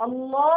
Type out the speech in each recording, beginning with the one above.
الله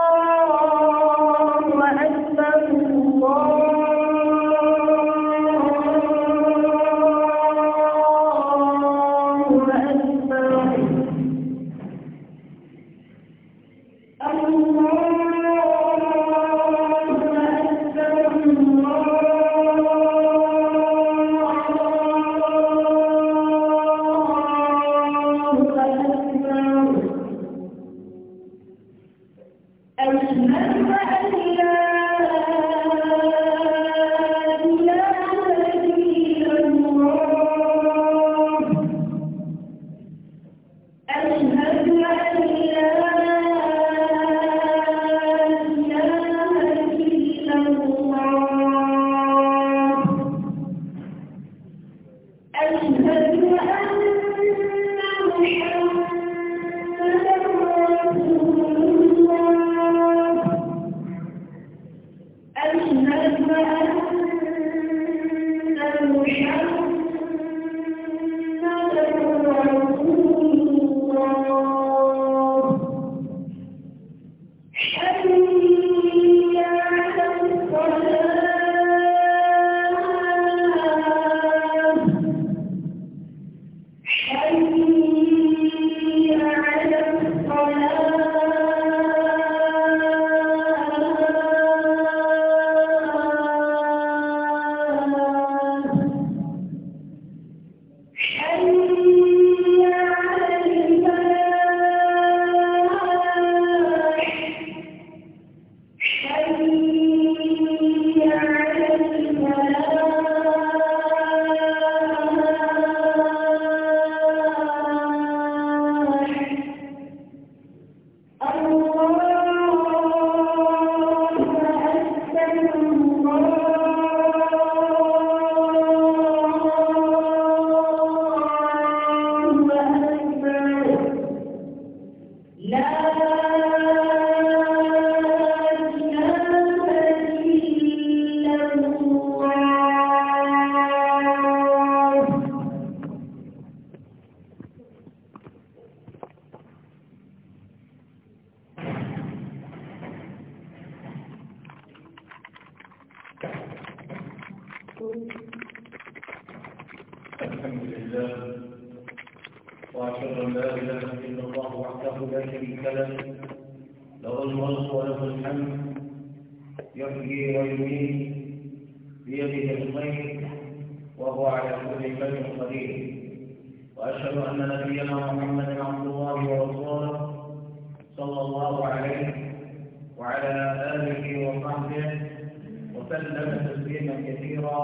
وسلم تسليما كثيرا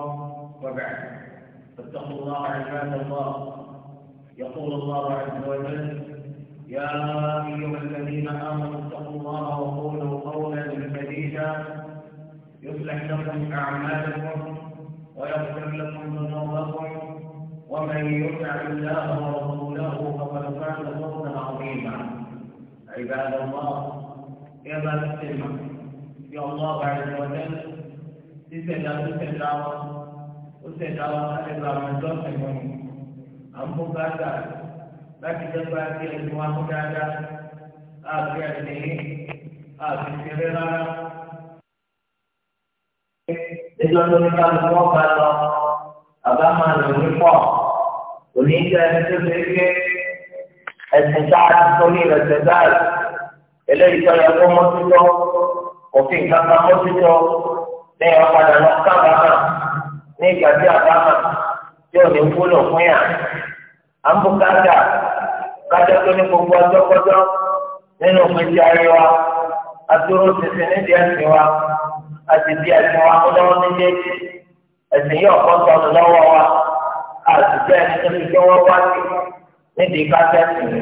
وبعد فاتقوا الله عباد الله يقول الله عز وجل يا أيها الذين آمنوا اتقوا الله وقولوا قولا سديدا يصلح لكم أعمالكم ويغفر لكم ذنوبكم ومن يطع الله ورسوله فقد فاز فوزا عظيما عباد الله يا بارك الله عز وجل sísẹ̀dá tó sẹ̀dá wọn ó sẹ̀dá wọn láti gba àwọn ẹjọ́ sẹ̀wọ̀n ni à ń bó gáàsà láti dẹ́gbà sí ẹni wọn kó dáadáa àti ẹni àti ìṣeré rárá. Ẹjọ́ tó ní ká ló wọ́n bá lọ, bàbá máa lò ní pọ̀, òní jẹ́ ẹni tó ṣe é gbé ẹ̀sìn sára tó ní ìrẹsẹ̀ báyìí, eléyìí tó yẹ kó mọ́tútọ́, òfin kankan mọ́tútọ́. ní ọ̀padà lọ kábàámà ní ìgbà tí àbámà tí ò ní wúlò fún yà. tó ní gbogbo ọjọ́kọjọ́ nínú ìgbésí ayé wa adúró tètè nídìí ẹ̀sìn wa àti di ẹ̀sìn wa lọ́wọ́ méjèèjì ẹ̀sìn yìí ọ̀pọ̀ sọnù lọ́wọ́ wa ẹni tó gbọ́wọ́ nídìí lọ́wọ́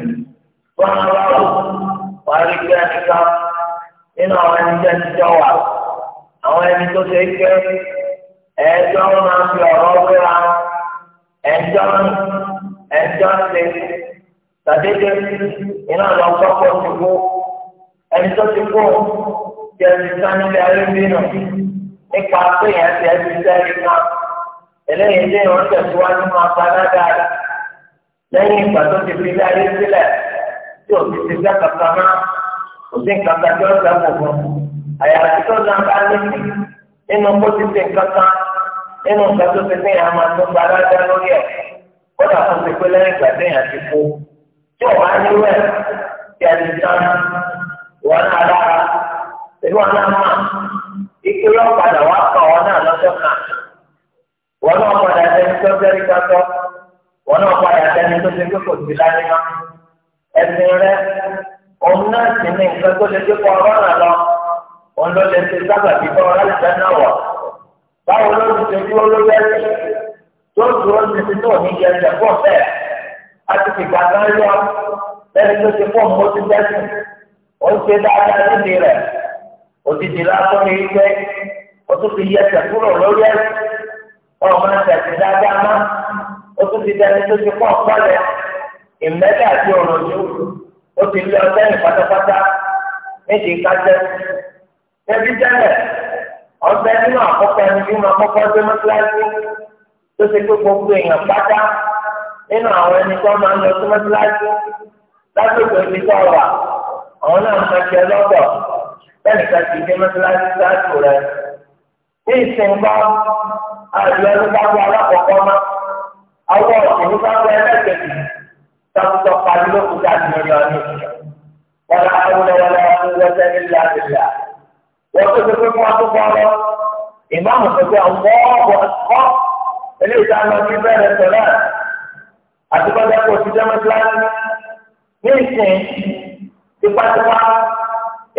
wọn rí bí nínú àwọn ẹni àwọn ẹni tó ṣe kẹ́ ẹjọ́ máa fi ọ̀rọ̀ wéra ẹjọ́ ẹjọ́ ṣe tàdédé iná lọ sọ́kọ̀ ti kú ẹni tó ti kú ti ẹni sani lé ayé bínú nípa pé yẹn ti ẹni sẹ́yìn náà eléyìí lé wọn tẹ̀síwájú máa padà dáadáa lẹ́yìn ìgbà tó ti fi lé ayé sílẹ̀ tí òbí ti dá kàkà náà òbí kàkà tí ó dá àyàfi tó lọ bá nínú nínú máa tó gba alájà lórí kódà kó ti pé lẹ́yìn ìgbà ti kú tí ò a ti tán ike padà wá kọ wọn náà lọ́jọ́ kan wọn náà padà ẹni tó jẹ́rìí kátó wọn náà padà ẹni tó ti kó kò sí rẹ òun náà sì òun ló lè ṣe sábà bí bá ọlá ìjà náà wà báwo ló ti ṣe dúró lórí ẹsẹ̀ tó dúró ní ti tó ní ẹsẹ̀ pọ̀ bẹ́ẹ̀ a ti fi gbà kan yọ lẹ́ni tó ti pọ̀ mọ́ ti bẹ́sẹ̀ ó ń ṣe dáadáa níbi rẹ̀ òtítì lásán ní ìgbẹ́ ó tún fi yẹsẹ̀ kúrò lórí ẹsẹ̀ ọmọ ẹsẹ̀ dáadáa má ó tún fi dẹni tó ti pọ̀ pẹ́lẹ̀ ìmẹ́lẹ̀ àti ọ̀rọ̀ ojú ó ti lé ọtẹ́yìn pátápátá méjì ẹbí jẹ́lẹ̀ ọgbẹ́ nínú àkọ́kọ́ ẹni bí wọn kọ́kọ́ dé mọ́tíláṣí tó ṣe pé gbogbo èèyàn pátá nínú àwọn ẹni tó máa ń lọ sí mọ́tíláṣí lásìkò ibi tó wà àwọn náà máa ṣe lọ́dọ̀ bẹ́ẹ̀ ká ti dé mọ́tíláṣí sáàtù rẹ̀ ní ìsìnkọ́ àlọ́ nígbàgbọ́ alákọ̀ọ́kọ́ má àwọn ọ̀sìn nígbàgbọ́ ẹlẹ́gbẹ̀ẹ́ tàbùtọ̀ pariwo kúta ní ọ̀nà ìṣẹ̀ wọ́n á wọlé wọlé wọ́n ti wọ́n wọ́n tó pépé fún akókò ọ̀rọ̀ ìmáàmù tó pé ọ̀gbọ́ ọ̀gbọ́ eléyìí tá a lọ bẹ́ẹ̀ kò sí ní ìsìn tipátipá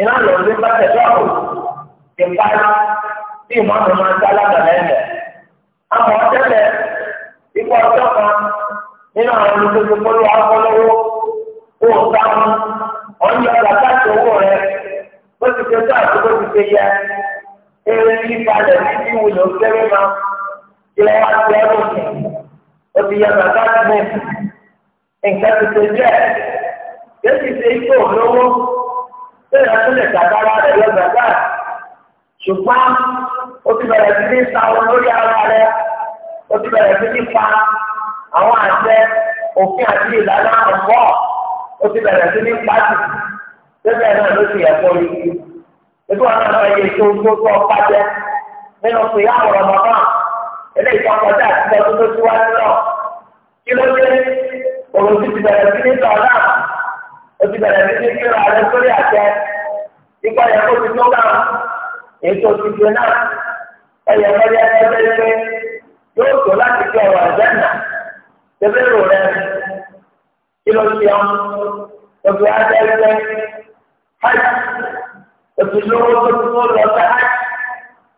iná lọ sí tí ìmáàmù máa ń lágbàlẹ́ ẹ̀ àmọ́ tẹ́lẹ̀ ikú ọjọ́ kan nínú àwọn olùdókòwò akọlọ́wọ́ kó o sáwọn ọ̀nyọ́ gbàgbà tó wọ̀ bó ti ṣe tó àti bó ti ṣe yẹ eré yípadà ní bí wùlò kéré ma jẹ àti ẹrù o ti yẹ bàbá mi nǹkan ti ṣe jẹ yóò ti ṣe ikú olówó bẹ́ẹ̀ tó lè tàbára rẹ̀ lọ bàbá ṣùgbọ́n o ti bẹ̀rẹ̀ sí ní sa wọn lórí ara rẹ̀ o ti bẹ̀rẹ̀ sí ní pa àwọn àṣẹ òfin àti ìlànà ọ̀pọ̀ o ti bẹ̀rẹ̀ sí ní pàṣẹ bẹ́ẹ̀ náà ló ti ẹ̀kọ́ yìí ebi wọn náà yẹ tó tó tó ọ̀pá jẹ nínú pé àwòrán màmá eléyìí tó kọjá àti ọdún tó síwájú náà kí ló dé òun ti ti bẹ̀rẹ̀ sí ní sọ̀rọ̀ o ti bẹ̀rẹ̀ sí ní kíra rẹ sórí àtẹ ìgbà yẹn kó ti tó bá ètò òṣìṣẹ́ náà ẹ̀yẹ lọ́yẹ ẹgbẹ́ pé yóò tó láti fi ọ̀rọ̀ ẹ̀jẹ̀ nà tẹ́lẹ̀ rò rẹ kí ló ṣe ọ́n òbí ajẹ́ حج تسلوه تسلوه لو حج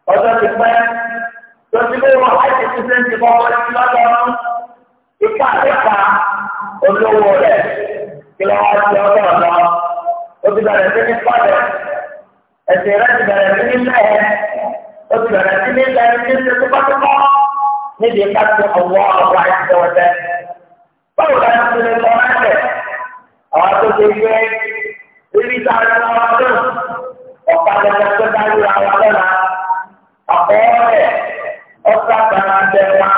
وذا تكبير تسلوه حج تسلوه تبقى تسلوه ìpàdépa olówó rẹ̀ kí lọ́wọ́ ti ọjọ́ ọ̀dọ́ ó ti bẹ̀rẹ̀ sí ní pàdé ẹ̀sìn rẹ̀ ti bẹ̀rẹ̀ sí ní lẹ́ẹ̀ ó ti bẹ̀rẹ̀ sí ní lẹ́ẹ̀ ní ṣe tókọ́tókọ́ níbi ká ti ọwọ́ ọgbà ìṣẹ̀wọ̀tẹ́. báwo la ti lè lọ rẹ̀ àwọn tó ti gbé ebi tá a lọ wá dán ọ̀pá dandan tó dájú ra wa lọ́la àkọọ́lẹ̀ ọ̀sá gbàrà jẹ wa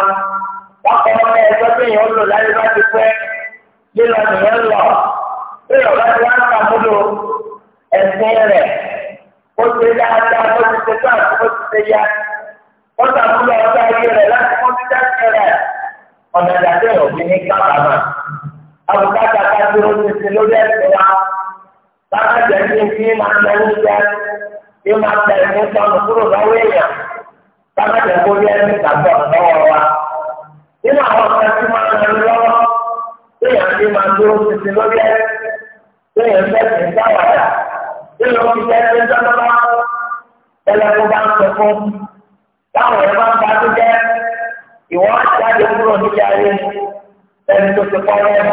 wákọ̀ọ́lẹ̀ ẹ̀jọ́ tó yẹn lò láyé bá ti pẹ́ lílọ nìyẹn lọ bí ọ̀rọ̀ ti wá ń sàmúlò ẹ̀sìn rẹ̀ ó ti dáadáa ó ti ṣe tó àti ó ti ṣe ya ó sàmúlò ọjọ́ ayé rẹ̀ láti mú títí àti rẹ̀ ọ̀nà ìdàgbé òbí ní kábàámà àbùkátà ká bàbá jẹ̀bi ní máa tẹ ní jẹ ní máa tẹ ní sọnù kúrò lọ́wọ́ èèyàn bàbá jẹ̀bi ní ẹni gbàgbọ́ lọ́wọ́ wa. nínú àwọn ọ̀sẹ̀ tí máa ń lọ lọ́wọ́ téèyàn ti máa dúró títí lórí ẹ téèyàn fẹ́ ti sáwàdà téèyàn fi jẹ́ ẹni tó lọ́wọ́ ẹlẹ́kùn bá ń sọ fún táwọn ẹ̀ bá ń bá tó jẹ́ ìwọ́n àtàdé kúrò níjà rẹ̀ ẹni tó ti kọ́ lọ́wọ́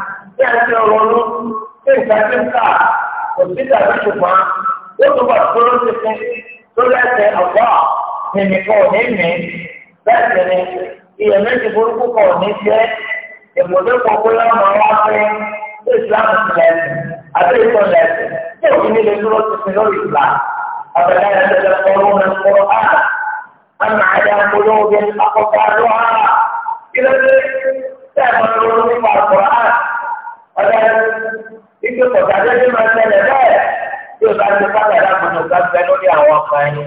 tí a ti ronú tí nǹkan ti ń kà kò sí tàbí ṣùgbọ́n ó tún bá dúró títí tó lẹ́sẹ̀ ọ̀gá nìkan ò ní mí bẹ́ẹ̀ sì ni iyèméjì burúkú kan ò ní jẹ́ ìmọ̀lẹ́ kan pé ọmọ wa fẹ́ ṣé ìsìlámù ti lẹ́sìn àti ìtàn lẹ́sìn tí òfin nílé dúró títí lórí ìgbà àbẹ̀lẹ́ ẹ̀ẹ́dẹ̀dẹ̀ kọ́rọ́ mẹ́kọ́rọ́ áà أما على قلوب أقطارها إلى ذلك كان ọ̀dà ike kọ̀tà dédé máa ṣẹlẹ̀ bẹ́ẹ̀ tí o bá ti pàtàkì àmọ́nà ọ̀gá ń bẹ lórí àwọn ọmọ ẹni.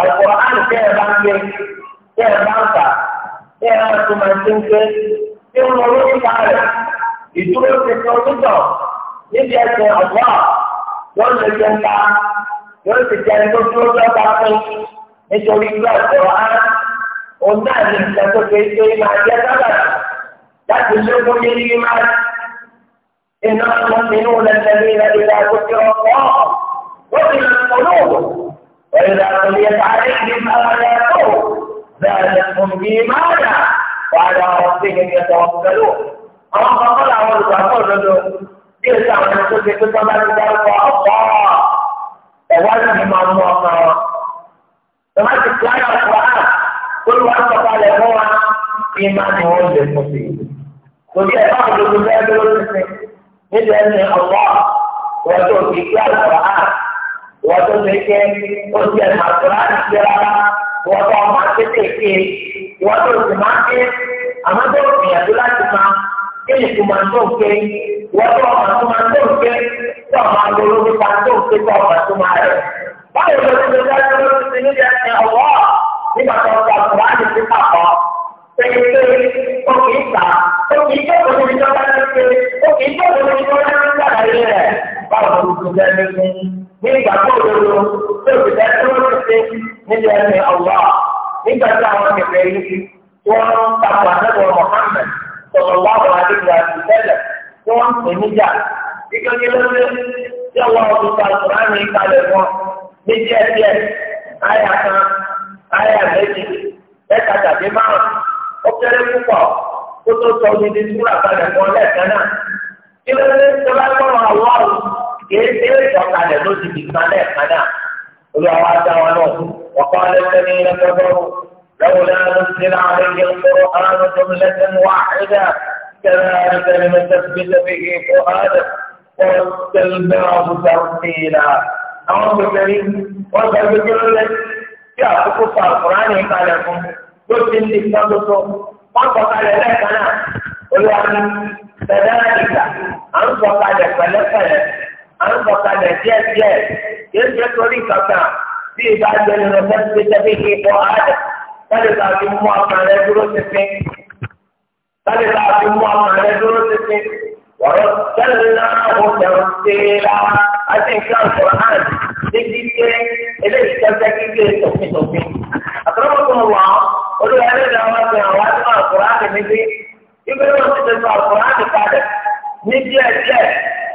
àlùkò àrùn tẹ́ ẹ bá ń gbé tẹ́ ẹ bá ń fà tẹ́ ẹ bá tún máa ti ń gbé tí ó lọ lórí ká rẹ̀ ìdúró ti fi ọdún níbi ẹsẹ̀ ọ̀gbọ́ yóò lè jẹ ń yóò sì jẹ ẹni tó dúró lọ́ta fún nítorí ilé ọ̀gbọ́ á òun náà ní ìṣẹ́ إنما المؤمنون الذين إذا ذكر الله وجلت قلوبهم وإذا تليت عليهم آياته زادتهم إيمانا وعلى ربهم يتوكلون أما طلعوا الكفر تلك من الكتب كما ذكرت الله هو الله كما تتلى القرآن كل واحد قال هو إيمانه هو المسلم وجاء بعض الجزائر níbi ẹni ọ̀pọ̀ wọ́n tó fi kí àlọ́ hàn wọ́n tó fi kí ó ti ẹ̀ máa tó láti ṣe rárá wọ́n tó máa kéékèèké wọ́n tó sì máa ké àmọ́ tó gbìyànjú láti máa kí ni kò tó ké wọ́n tó máa tó tó ké tó máa lórí nípa tó ké tó máa tó rẹ̀. báwo ló ti lè dájú ló ẹni ọ̀pọ̀ nígbà tó ń ta kùránì sí pàpọ̀ pẹ̀lú pé ó kì í ta ó kì í jókòó ní ìjọba ní pé ó kì í jókòó ní ìjọba ní ìjọba ní rẹ̀ báwo ló ti jẹ́ nínú ní ìgbà tó lòlò tó ti jẹ́ tó ló ti ṣe nílé ẹni ọ̀wá nígbà tí àwọn kẹfẹ́ yìí tí wọ́n ń takò àtẹ́wọ̀ Mohammed sọ̀rọ̀ wá wà nígbà ìtẹ́lẹ̀ tí wọ́n ń pè níjà ìkẹ́kẹ́ lóde tí àwọn ọ̀dùnkà ìkùránì ìkàlẹ̀ wọn ní díẹ̀díẹ̀ ayà kan ayà méjì mẹ́ta tàbí márùn-ún ó kéré púpọ̀ kó tó sọ odidi súra kalẹ̀ fún ọ lẹ́ẹ̀kan náà kí ló dé tó bá tọrọ àwọ̀ ọ̀hún kìí ṣe é sọ kalẹ̀ lójú ìgbìkan lẹ́ẹ̀kan náà olùwàwà dá wọn náà ọ̀pọ̀ alẹ́sẹ̀ ní ẹgbẹ́gbọ́rún lọ́wọ́ lẹ́nu sílẹ̀ àrẹ́gbẹ́ kúrò àrùn tó ń lẹ́sẹ̀ wá ẹ̀dá kẹrẹ àrẹ́sẹ̀ ní mẹsẹ̀sẹ̀ bí kò àrẹ́ wọ́n tẹ̀lé ọ̀bùsà sílẹ̀ àwọn obìnrin wọ́n gbàgbé kí ló lẹ́ ló ti ń di kan tuntun wọ́n sọ̀kalẹ̀ lẹ́ẹ̀kan náà olúwa ní tẹ̀lẹ́rẹ́ ìgbà à ń sọ̀kalẹ̀ pẹ̀lẹ́pẹ̀lẹ́ à ń sọ̀kalẹ̀ díẹ̀díẹ̀ yóò jẹ́ torí kankan bí ìgbà jẹnu rẹ̀ fẹ́ ti tẹ́bí kí ipò àádẹ́ tẹ́lẹ̀ bá fi mú ọkàn rẹ̀ dúró títí tẹ́lẹ̀ bá fi mú ọkàn rẹ̀ dúró títí. ورسلناه ترسيلا أتي كان القرآن تجيك إليه تجيك توفي توفي أكرمكم الله قلوا هذا دعوات دعوات مع القرآن نجي يقولوا أنت تسمع القرآن بعدك نجي أجل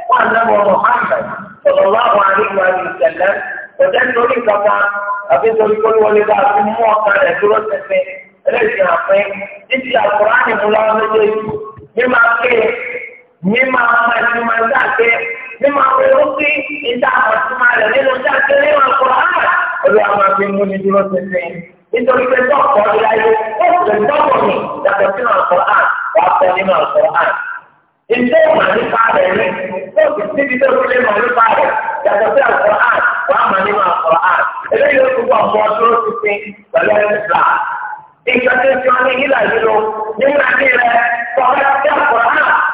وأنه محمد صلى الله عليه وآله وسلم وجدت لي كفا أبي تقول كل ولد أبي مو أكاد أدرس إليه أعطيه نجي القرآن ملامة نجي ما كيه mímọ àwọn ìtumọ̀ ìdáàkẹ́ mímọ àwọn ìrúkí ìdáàkọ̀ ìtumọ̀ rẹ̀ nínú ìdáàkẹ́ nínú ọkọ̀ ààrẹ olú àwọn àti múni dúró tẹ̀sẹ̀ nítorí pé tọ́kọ̀ ìlàyé ó sì tọ́kọ̀ mi yàtọ̀ sínú ọkọ̀ ààrẹ wà á tọ́ nínú ọkọ̀ ààrẹ. Ìjọ ìmọ̀ nípa rẹ̀ ni ó sì síbi tó fi lè mọ̀ nípa rẹ̀ yàtọ̀ sí ọkọ̀ ààrẹ wà á mọ̀ nínú ọkọ̀ ààrẹ. Eléyìí ó túbọ̀ mọ dúró títí pẹ̀lú ẹ̀sìlá. Ìjọ tó ti wọn ní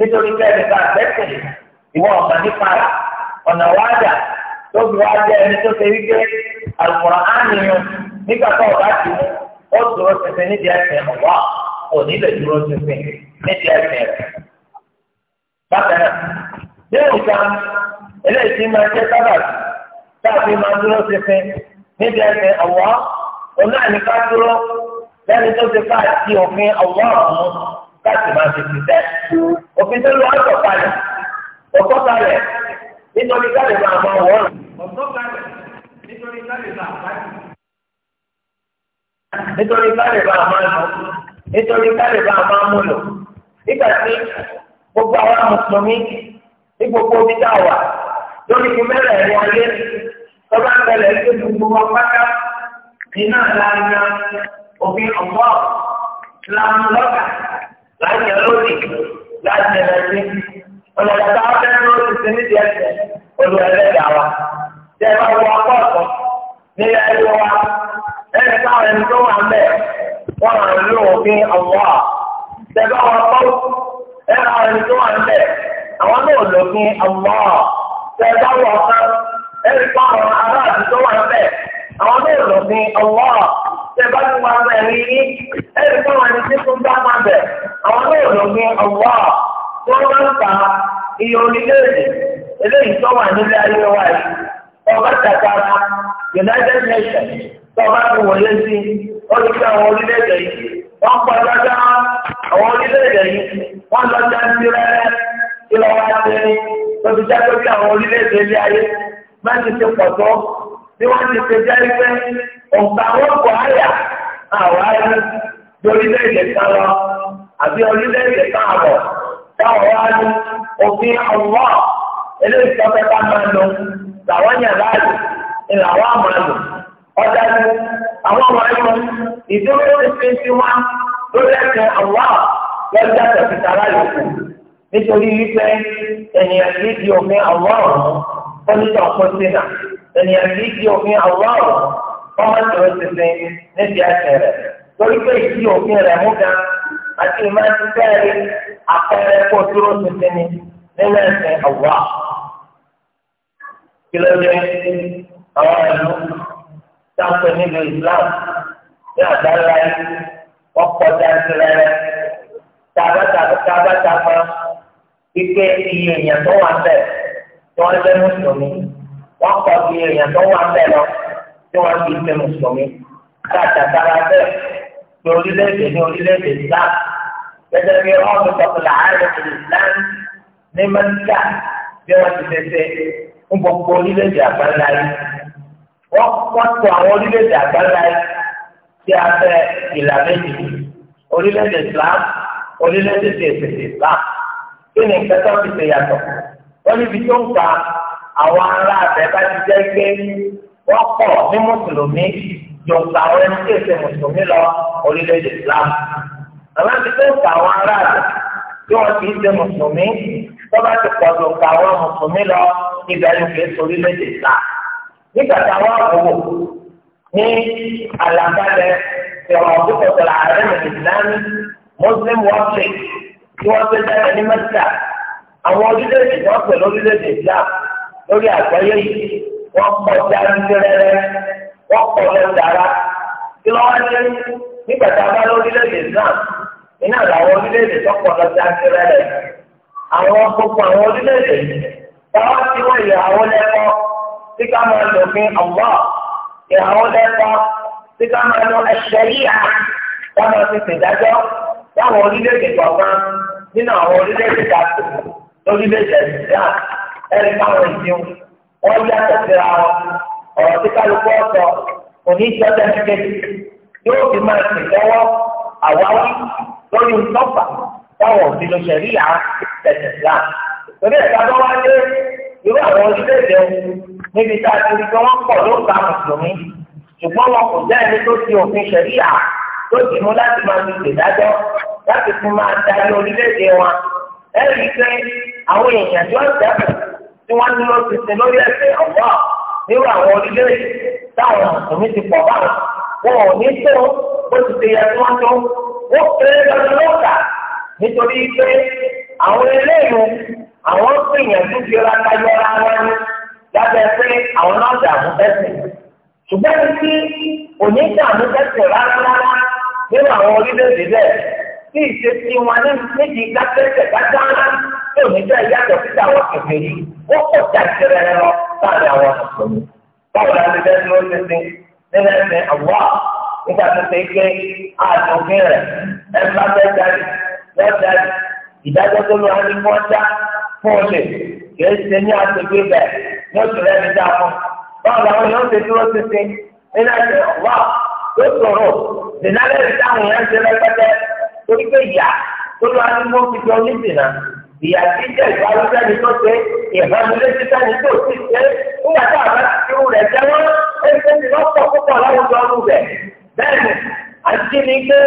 nítorí kẹ́lẹ́ bá bẹ́sẹ̀ ìwọ ọ̀gá nípa rẹ̀ ọ̀nà wájà tó fi wá jẹ́ ẹni tó ṣe wípé àlùkòrò ánìyàn nígbà tó ọ̀gá ti mú ó dúró ṣẹṣẹ nídìí ẹsẹ̀ wá òní lè dúró ṣẹṣẹ nídìí ẹsẹ̀ rẹ̀. bákan náà bí nǹkan eléyìí ti máa jẹ́ sábàtì máa dúró ṣẹṣẹ nídìí láti máa fi ṣiṣẹ́. Òfin tó lọ ọ̀tọ̀ kalẹ̀, ọ̀tọ̀ kalẹ̀ nítorí káàdì máa mọ wọ́n. Ọ̀tọ̀ kalẹ̀ nítorí káàdì máa bá nítorí káàdì máa máa lọ, nítorí káàdì máa máa mú lò. Nígbà tí gbogbo àwọn mùsùlùmí ní gbogbo omi dá wà lórí ibi mẹ́rẹ̀ ẹ̀rọ ayé tọ́ba ń bẹ̀rẹ̀ ní gbogbo wọn pátá nínú àlàáfíà òfin ọ̀pọ̀ làmúlọ́gà. láti ọlọ́dì láti ẹlẹ́sìn ọlọ́dì tá a fẹ́ ní oṣù sí nídìí ẹsẹ̀ olú ẹlẹ́dàá bá wọ ọkọ̀ ọ̀tọ̀ nílẹ̀ ẹ̀rọ wa ẹ̀rọ táwọn ẹni tó wà à ń lò à bá wọ ẹni tó wà àwọn náà lò à bá wọ tó wà àwọn náà lò tẹ̀bá ti wà bẹ̀ rí ní ẹ̀rí tó wọn ní tí tó ń bá wà bẹ̀. Àwọn náà ló ní ọ̀wọ́ tí wọ́n máa ń ta iye onílé eléyìí tó wà nílé ayé wa yìí. Ọba tàkàrà United Nations tó bá ti wọlé sí olùkọ́ àwọn orílẹ̀-èdè yìí. Wọ́n pọ̀ dáadáa àwọn orílẹ̀-èdè yìí. Wọ́n lọ jáde rẹ̀ kí lọ́wọ́ á ti rí. Lọ́sibítà tó bí àwọn orílẹ̀ ilé ayé. Mẹ́tì ti pọ̀ tó bí wọ́n ti ṣe jẹ́ pé ọ̀gá wọn kọ̀ àyà àwọn ayé bí orílẹ̀-èdè kan lọ àbí orílẹ̀-èdè kan àbọ̀ táwọn wá ní òfin ọ̀wọ́ eléyìí tó fẹ́ ká máa lọ làwọn yàn láàyè ni làwọn àmọ́ lò ọjà ní àwọn ọmọ ẹ̀rọ ìdúró lórí fi ti wá lórí ẹ̀sìn ọ̀wọ́ lọ́jà tẹ̀síta láyò kù nítorí wípé ènìyàn kì í di òfin ọ̀wọ́ ọ̀hún ó ní ẹni ẹ̀rí tí òfin àwọn ọ̀rọ̀ ọmọ tó ń tẹ̀sẹ̀ níbi àṣẹ rẹ̀ lórí pé ìdí òfin rẹ̀ mú ga àti ìmáàtí bẹ́ẹ̀rẹ̀ àpẹẹrẹ kó dúró tẹ̀sẹ̀ ni nínú ẹ̀sẹ̀ àwọ̀ kí ló dé àwọn ìlú sáńpẹ̀ nílùú Islam ní àgbáńlá yìí wọ́n pọ̀ dáńtì rẹ̀ tábàtàbà pípé iye èèyàn wà bẹ́ẹ̀ tí wọ́n jẹ́ mùsùlùmí wọ́n kọ́ bí èèyàn tó wà ń bẹ̀ lọ tí wọ́n fi ṣe mùsùlùmí kátàkárà bẹ́ẹ̀ ní orílẹ̀-èdè ní orílẹ̀-èdè islam gẹ́gẹ́ bí wọ́n ti sọ̀tún láàárín islam ní mẹ́ríkà bí wọ́n ti ṣẹṣẹ ń gbogbo orílẹ̀-èdè àgbáńlá yìí wọ́n kọ́tù àwọn orílẹ̀-èdè àgbáńlá yìí tí a fẹ́ ìlà méjì orílẹ̀-èdè islam orílẹ̀-èdè ti islam kí ni nǹkan tó ti ṣe yàtọ̀ wọ́n àwọn ará abẹ́ bá ti jẹ́ pé wọ́n pọ̀ ní mùsùlùmí yọ̀ǹda àwọn ẹni tí èsè mùsùlùmí lọ orílẹ̀-èdè Islam. Bàbá ti tó ka àwọn ará abẹ́ tí wọ́n ti ṣe mùsùlùmí tó bá ti pọ̀ lọ́ka àwọn mùsùlùmí lọ ibẹ̀ ló fi Islam. Nígbà táwọn àbúrò ní àlàkalẹ̀ ìrọ̀ òkútọ̀tọ̀ ààrẹ ìsìlámù Muslim World Trade tí wọ́n ti dára ní Mẹ́tíkà àwọn orílẹ̀-èdè wọ́n pẹ̀lú orílẹ̀-èdè Islam lórí àgbáyé yìí wọ́n pọ̀ jáńtẹ́rẹ́rẹ́ wọ́n pọ̀ lọ́dàrá kí lọ́wọ́ ṣe nígbà tá a bá lórílẹ̀-èdè náà iná làwọn orílẹ̀-èdè tó pọ̀ lọ́dàrẹ́rẹ́ àwọn gbogbo àwọn orílẹ̀-èdè táwọn tí wọ́n yẹ àwọn lẹ́kọ́ tí ká máa lò fún ọ̀gbọ́ yẹ àwọn lẹ́kọ́ tí ká máa lọ ẹ̀ṣẹ̀ yíyá táwọn ti ṣèdájọ́ táwọn orílẹ̀ kọ̀ọ̀kan nínú àwọn orílẹ̀-èdè kàtó lórílẹ̀ náà ẹ̀rí káwọn ìdíwọ̀n wọ́n yá tẹ̀síra wọn ọ̀rọ̀ tí kálukú ọ̀sọ̀ òní ìjọba ẹnikẹ́ni yóò fi máa tẹ̀ lọ́wọ́ àwáwí lórí ntọ́fà táwọn òbí ló ṣẹ̀rí yà tẹ̀síra torí ẹ̀ka bá wá dé irú àwọn orílẹ̀-èdè níbi tá a ti rí pé wọ́n pọ̀ ló ń ka mùsùlùmí ṣùgbọ́n wọn kò jẹ́ ẹni tó ti òfin ṣẹ̀rí yà tó ti mú láti máa fi ṣèdájọ́ láti fi máa darí orílẹ̀-èdè wọn ẹ̀rí pé àwọn èèyàn yóò dẹ́kun tí wọ́n ń lọ sísè lórí ẹsẹ̀ ọ̀gbọ́n nírú àwọn orílẹ̀-èdè táwọn mùsùlùmí ti pọ̀ wọn ò ní tó bó ti ṣe yẹ kí wọ́n tó wọ́n kéré lọ́dún lọ́kà nítorí pé àwọn eléyìí àwọn gbìyànjú fi ra tayọ ara wọn lábẹ́ pé àwọn náà dààmú bẹ́sẹ̀ ṣùgbọ́n ní kí òní dààmú bẹ́sẹ̀ nínú àwọn orílẹ̀-èdè tó ní jẹ́ ìyàtọ̀ síta àwọn kékeré ó pọ̀ jáde rẹ̀ lọ láàrin àwọn mùsùlùmí. báwo la ti dẹ́nu ó ti sin nínú ẹ̀sìn àwọ̀ nígbà tó ṣe pé àtúnfin rẹ̀ ẹ bá fẹ́ jáde lọ́jà ìdájọ́ tó lọ́wọ́ ní wọ́n já fún olè kìí ṣe ní àtúnfin bẹ̀ ní oṣù rẹ̀ ní dáa fún. báwo làwọn yóò ṣe dúró títí nínú ẹ̀sìn àwọ̀ tó sọ̀rọ̀ dènálẹ́rì táwọn yẹn ń ṣe lẹ́pẹ́tẹ́ ìyá jíjẹ ìfarúsẹ́ni tó ṣe ìfẹ́milẹ́sí sẹ́ni tó ti ṣe nígbà tá a bá ti irú rẹ̀ jẹ́ wọ́n ẹgbẹ́ ti lọ́ pọ̀ púpọ̀ láwùjọ ọdún rẹ̀ bẹ́ẹ̀ ni àti ní pé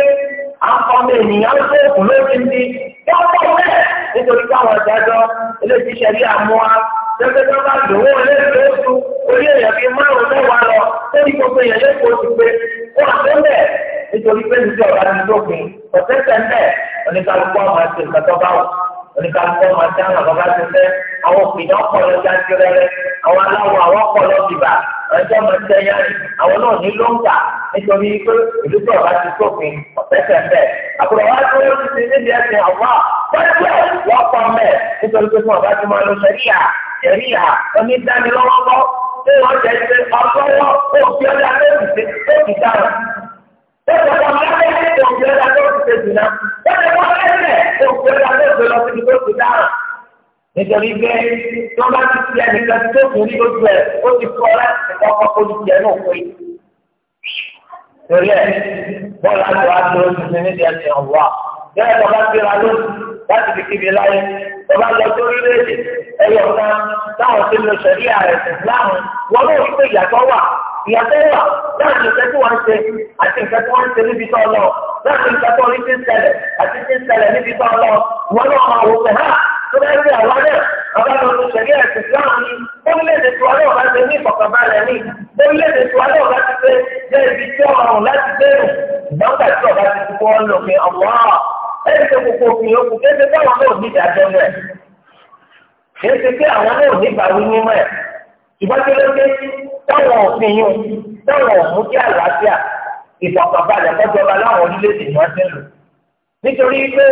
àkọọ́mọ ènìyàn ń gbóògùn lórí ti wọ́n pọ̀ bẹ́ẹ̀ nítorí káwọn ìdájọ́ eléyìí ṣẹlẹ̀ àmúwa lọ́sẹ̀ tó bá dùn wọ́n lẹ́sẹ̀ oṣù orí èèyàn bíi márùn-ún mẹ́wàá lọ lórí gbogbo èèyàn lẹ́kọ̀ọ́ oṣù pé wọ́n àtẹ́ bẹ́ẹ̀ nítorí pé nítorí ọ̀gá ti dópin ọ̀sẹ̀ tẹ̀ bẹ́ẹ̀ oníkàlùkù àwọn àti ìgbàdọ́gbà wọn oníkàlùkọ́ máa dáhùn àbábá ti fẹ́ àwọn òpìdá ọpọlọ jáde rẹrẹ àwọn aláwọ̀ àwọn ọpọlọ bìbà ẹjọ́ máa ń tẹ̀yà rí àwọn náà ní lóńgà nítorí pé ìlú tó ọba ti sófin ọ̀tẹ́tẹ̀ẹ̀tẹ̀ àbúrò wa tó yóò ti níbi ẹsẹ̀ àwọn pẹ́ẹ́pẹ́ wọ́n pọ̀ mẹ́ nítorí pé fún ọba ti máa lọ sẹ́ríà sẹ́ríà onídánilọ́wọ́kọ́ tí wọ́n jẹ́ ṣe ọlọ́wọ́ Lọ́sọ̀ kan lábẹ́ òkè ọ̀dà tó ti ṣe jùlọ. Lọ́sọ̀ kan lábẹ́ òkè ọ̀dà tó ti lọ sí ibi tó ti dáhùn. Nítorí pé tó bá ti ti ẹnìkan tó kù ní ojú ẹ̀, ó ti kọ́ láti kọ́ ọkọ̀ kó ti jẹ náà pé. Torí ẹ̀ bọ́ọ̀lù àti wàá dúró ti ṣe nídìí ẹ̀sìn ọ̀wọ́. Bẹ́ẹ̀ tó bá ti ra lóṣù láti fi kíbi láyé. Tó bá lọ sórí léde ẹyọ kan táwọn ti lo ṣẹ̀ríà ẹ̀sìn láàrún. Wọ́n lóò ìyàtọ̀ wà láàrin ìfẹ́ tí wọ́n ń ṣe àti ìfẹ́ tí wọ́n ń ṣe níbi tó lọ láàrin ìfẹ́ tó rí ti ń ṣẹlẹ̀ àti ti ń ṣẹlẹ̀ níbi tó lọ wọn náà máa wò pẹ̀ náà tó bá rí àwọn náà bàbá lọ sí ṣẹ̀lẹ̀ ẹ̀sìn láwọn ni orílẹ̀-èdè tiwa náà bá ṣe ní ìfọ̀kànbalẹ̀ ní orílẹ̀-èdè tiwa náà bá ti ṣe jẹ́ ibi tí ó rọrùn láti bẹ̀rù dọ́kà tí ọba ti ti kọ́ lòfin ọ̀wọ́ ẹni tó gbogbo òfin yòókù kéde báwọn náà ò ní ìdájọ́ rẹ̀ kéde pé àwọn náà ò ní ìbáwí mímọ́ ẹ̀ ìgbàgbọ́dọ́gbé táwọn òfin yìí táwọn òmú kí àlàáfíà ìfọ̀kànbalẹ̀ kọjọba láwọn orílẹ̀-èdè ni wọ́n ti ń lò. nítorí pé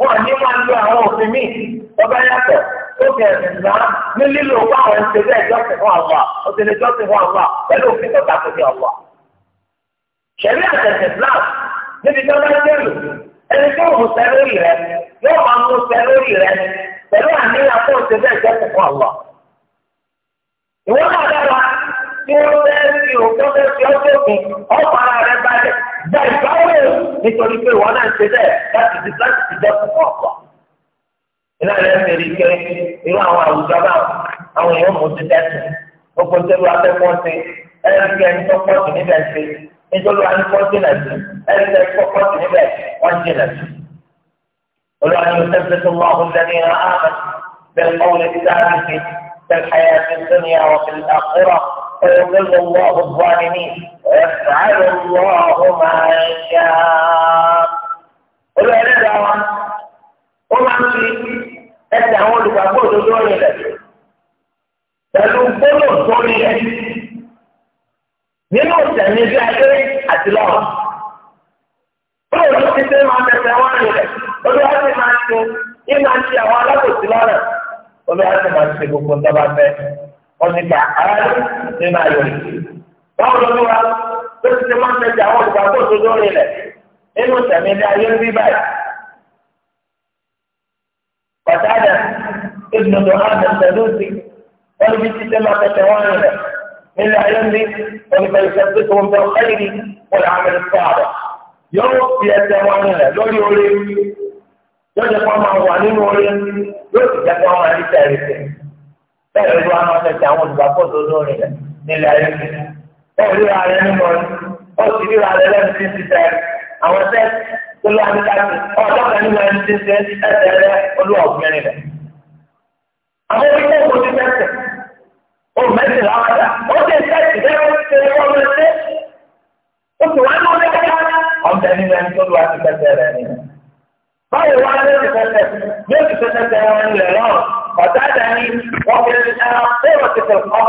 wọn ní máa lo àwọn òfin míì tọ́ba yàtọ̀ tó fi ẹ̀sìn náà ní lílo owó àwọn ẹ̀sìn bẹ́ẹ̀ jọ́sìn fún àwọn òṣèlè jọ́sìn fún àwọn pẹ̀lú òfin tọ́ta kò ní ọ̀wọ́. ṣẹ̀rí àtẹ̀sìn náà níbi tọ́ba jẹ́rù ẹni tó mú sẹ́ lórí rẹ yóò máa mú sẹ́ lórí rẹ pẹ̀lú àníyàn fún òṣèlè jọ́sìn fún àwọn. ìwọ náà dára tí wọ́n fẹ́ fi òótọ́ fẹ́ fi ọjọ́ òkun ọ̀pọ̀ ara rẹ balẹ̀ gba ìbáwọ̀ nítorí pé ìwọ náà ń ṣe bẹ́ẹ̀ láti di láti ti dẹ́kun ọ̀pọ̀. iná rẹ̀ ń bèrè pé irú àwọn àwùjọ náà àwọn èèyàn mú ti dẹ́kun gbogbo tẹ́lu afẹ́fọ́n ti ẹ̀rẹ́dẹ́gbẹ́ ẹni tó pọ̀ sí níbẹ̀ ṣe nítorí wọn kọ́ sí sí níbẹ̀ wọ́n في الحياة الدنيا وفي الآخرة فيضل الله الظالمين ويفعل الله ما يشاء قل يا رب قل عمري أنت أقول لك أقول دوري لك فلنقل دوني لك من أنت من جهة أتلاه قل لك تسمع تسمع لك قل لك تسمع لك إما أنت أولاك أتلاه olúwa ti máa ṣe gbogbo ńlọba fẹ ọdún ìgbà aráàlú nínú ayọ̀ rẹ̀ báwo lọ́lọ́wà tó ti ṣe máa ń tẹ̀sí àwọn ìgbà tó tó lórí rẹ̀ nínú ìtẹ̀mí ní ayé rí báyìí. Bàtàdà ìdùnnú tó hàn lẹ́sẹ̀ lóṣì wọ́n fi ti ṣe máa tẹ̀sẹ̀ wọ́n rìn rẹ̀ nínú ayé rí olùfẹ́ ìṣẹ́sí tó ń bẹ ọ̀kẹ́ yìí wọ́n làwọn ẹ̀rọ sọ̀rọ̀ yóò fi ẹsẹ̀ wọn rìn rẹ̀ lórí orí yóò jẹ́ kó máa wà nínú orí yóò sì jẹ́ kó máa ní tẹ̀lé tẹ̀. Bẹ́ẹ̀ ló wá máa fẹsẹ̀ àwọn olùgbàkóso lórí rẹ̀ nílẹ̀ ayé mi. Bẹ́ẹ̀ rí ara nínú orí, ó sì rí ara lẹ́nu tí ń ti tẹ̀. Àwọn ẹsẹ̀ tó lọ́wọ́ ní káàkiri, ọ̀dọ́ kan nínú ẹni tí ń ṣe ẹsẹ̀ rẹ̀ olúwa ọ̀gbìnrin rẹ̀. Àwọn oníkó kò ti tẹ̀sẹ̀. O mẹ́sìn láwàdà, ó ti tẹ̀sì lẹ́wọ́ ti wọ́n lọ sí. Oṣù ní ọ̀dẹ́ nínú ẹni báwo wá lórí sẹsẹ lórí sẹsẹ tẹ wọn lè rán ọ̀tá dání wọn fi ẹran fẹ́rọ̀ tètè kọ́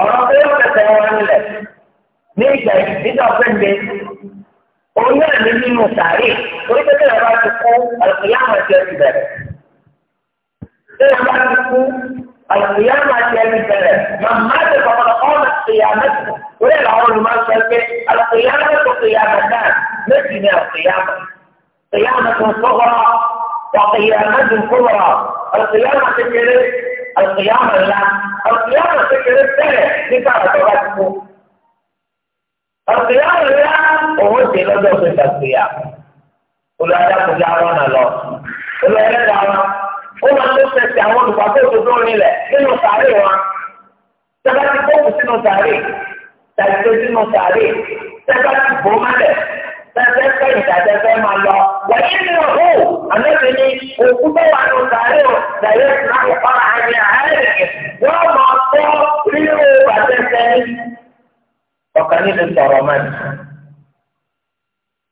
ọ̀rọ̀ fẹ́rọ̀ tètè wọn lẹ̀ ní ìgbà ìdíjà fẹ́ǹde òun náà ní nínú sàárè orí tètè rẹ̀ bá ti kú àlùkìyà máa ti ẹni bẹ̀rẹ̀ tètè bá ti kú àlùkìyà máa ti ẹni bẹ̀rẹ̀ màmá ti kọ̀kọ̀ ọ̀nà ìyá mẹ́tò orí ẹ̀ làwọn olùmọ̀ sọ pé àlùkìyà mẹ́tò ìyá mẹ́tò méjì ní àlùkìyà mẹ́tò. قيامة صغرى وقيامة كبرى القيامة تكرر القيامة لا القيامة تكرر تاني لكارة تغسكو القيامة لا وهو في لدو في القيامة ولا يدعو جعوانا لو ولا يدعو ó máa tó fẹsẹ̀ àwọn olùgbàgbọ́ òdodo rinlẹ̀ nínú sàárè wa tẹ́lá ti bọ́ọ̀kù sínú sàárè tàbí tó sínú sàárè tẹ́lá ti bọ́ mọ́lẹ̀ lẹ́sẹ̀ fẹ́ ìdájọ́ fẹ́ máa lọ. Wọ́n yé mi hù àmọ́bí ni òkú tó wà ní sàárè o lẹ́yìn náà kò kọ́ ra ẹni àárẹ̀ wọ́n máa tọ́ rírò bàtẹ́sẹ̀. Ọ̀kan nínú sọ̀rọ̀ máa ní.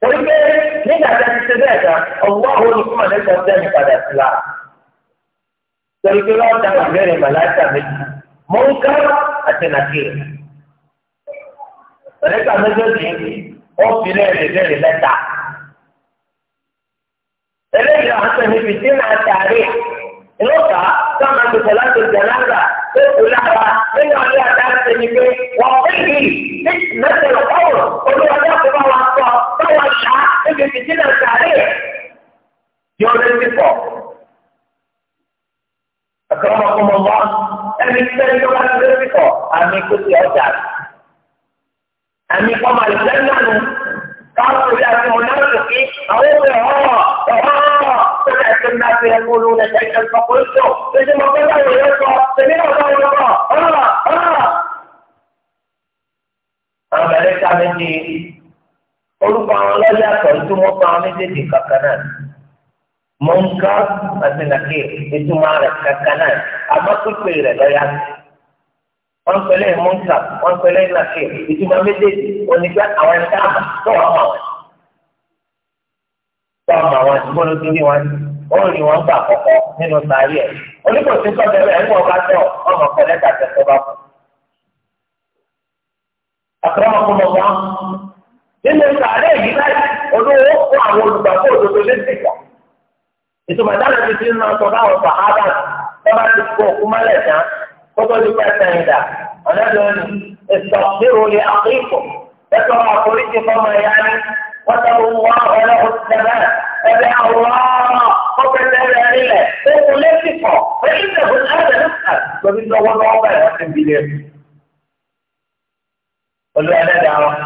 Torí pé nígbà tí a ti ṣe bẹ́ẹ̀ gan, ọ̀gbọ́n òun ni kúmọ̀ lẹ́sọ̀ sẹ́yìn padà sí la. Torí pé lọ́ọ̀dà wà mẹ́rin màláìsà méjì. Mọ̀ńkà àti Nàkìrì. Màláìsà ó fi léèrè léèrè mẹ́ta. eléyìí àwọn sọ ní lẹ́ta. ọ̀gá sáwọn àgbẹ̀sẹ̀ láti jẹ̀láńgà tó kù lára nínú ọdún àdáṣe ni pé wọ́n fẹ́ yìí ní àti ni pe ọ̀rọ̀ ni olú oro oluwadi bá wa sọ báwa ṣá níbi fìtí náà tààrí yọ lẹ́sìn pọ̀. أكرمكم الله أن يستجيب عن kò ko يكون ọjà. àmì kọ́ máa lè lẹ́nu káwọn òbí àti mọ̀nàmọ́sọ̀kì àwọn òbí ọ̀họ́ ọ̀họ́ tó ní àti ní àti ẹ̀kọ́ ló lẹ̀ ṣe ìṣẹ̀kọ́ ìṣọ̀ ṣèṣe mọ̀ pẹ́lú àwọn èèyàn sọ ṣèṣe mọ̀ pẹ́lú àwọn ọ̀họ́ ọ̀họ́. àwọn mẹ̀lẹ́ta méjì orúkọ àwọn ọlọ́jà kan tó mọ́ pa méjèèjì kankan náà mọ̀nká àti nàkè ìtumọ̀ rẹ̀ kankan náà àbá pípé rẹ̀ lọ́yà wọn pẹlẹ mọta wọn pẹlẹ nàkè ìtumọ̀ méjèèjì onígbà àwọn ẹni káàmà tó wà mà wọn tó wà mà wọn tí wọn ti rí wọn wọn rí wọn gbà kọ́kọ́ nínú sáré ẹ oníkòtí sọdọ ẹ ń wọn bá tọ ọmọ pẹlẹ tàbí ẹsẹ̀ bá kù. àkàrà ọkọ mọ wọn nínú sáré yìí láyé olówó fún àwọn olùgbàgbọ́ òdodo lẹsìkà ìtumọ̀ dáná ti ti ń lọ sọ fáwọn sàhábà tó bá ti kó òkú mọ́lẹ̀ dán kótó ti pẹ́ sẹ́yìn dà ọ̀nàdọ́ni ìsọ̀kúrò lè àkíkò ẹ̀tọ́ àforíjì fọmọ ẹ̀yà ni wọ́n tẹ̀wọ́ wá ọ̀rẹ́ òṣìṣẹ́lẹ̀ ẹ̀bẹ̀ àwòrán ọ̀pẹ̀tẹ̀ rẹ̀ nílẹ̀ òkú lẹ́sìkọ̀ èyí tẹ̀wọ́ ẹ̀bẹ̀ nípa lórí lọ́wọ́ lọ́wọ́ báyìí wọ́n ti bí lé. olú ẹlẹ́dàá wọn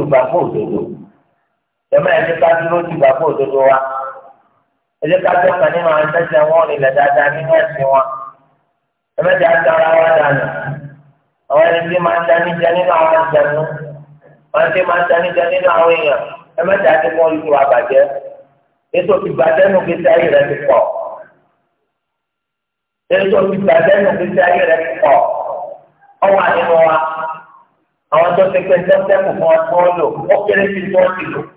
yóò tún fẹ́ jọba ẹni ká dúró ju bàbá òdodo wa ẹni ká jọkàn nínú àwọn ẹgbẹ́sẹ̀ wọn nílẹ̀ dáadáa nínú ẹ̀sìn wọn ẹgbẹ́sẹ̀ àti ara wa dànù àwọn ẹni tí máa ń dání jẹ nínú àwọn àjẹnú àwọn ẹni tí máa ń dání jẹ nínú àwọn èèyàn ẹgbẹ́sẹ̀ àti wọn yìí wà bàjẹ́ ètò ìgbàdẹ́nu gbèsè ayé rẹ ti pọ̀ ètò ìgbàdẹ́nu gbèsè ayé rẹ ti pọ̀ ọwọ́ àdínú wa àwọn tó ti pẹ́ ń tẹ́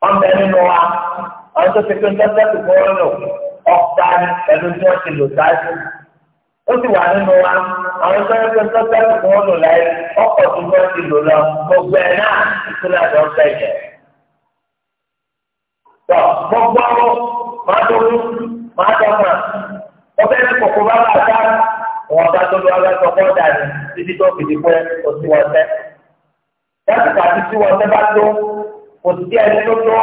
wọn bẹ nínú wa àwọn tó ti pé ńlọ́sẹ̀ tó kọ́ ọ́ lò ọ̀pá pẹ̀lú tí wọ́n ti lò sáájú ó sì wà nínú wa àwọn tó ń pé ńlọ́sẹ̀ tó kọ́ ọ́ lò láyé ọ̀pọ̀ tó wọ́n ti lò lọ gbogbo ẹ̀ náà ìtura lọ fẹ́ jẹ. tọ́ gbogbo ọ̀rọ̀ máa dọ́kú máa dọ́kà ọbẹ̀ ní kòkó bá bá dá wọn bá tó lọ bá tọkọ dàní títí tó fìdí pé òsì wọn tẹ kò sí ẹni tó tó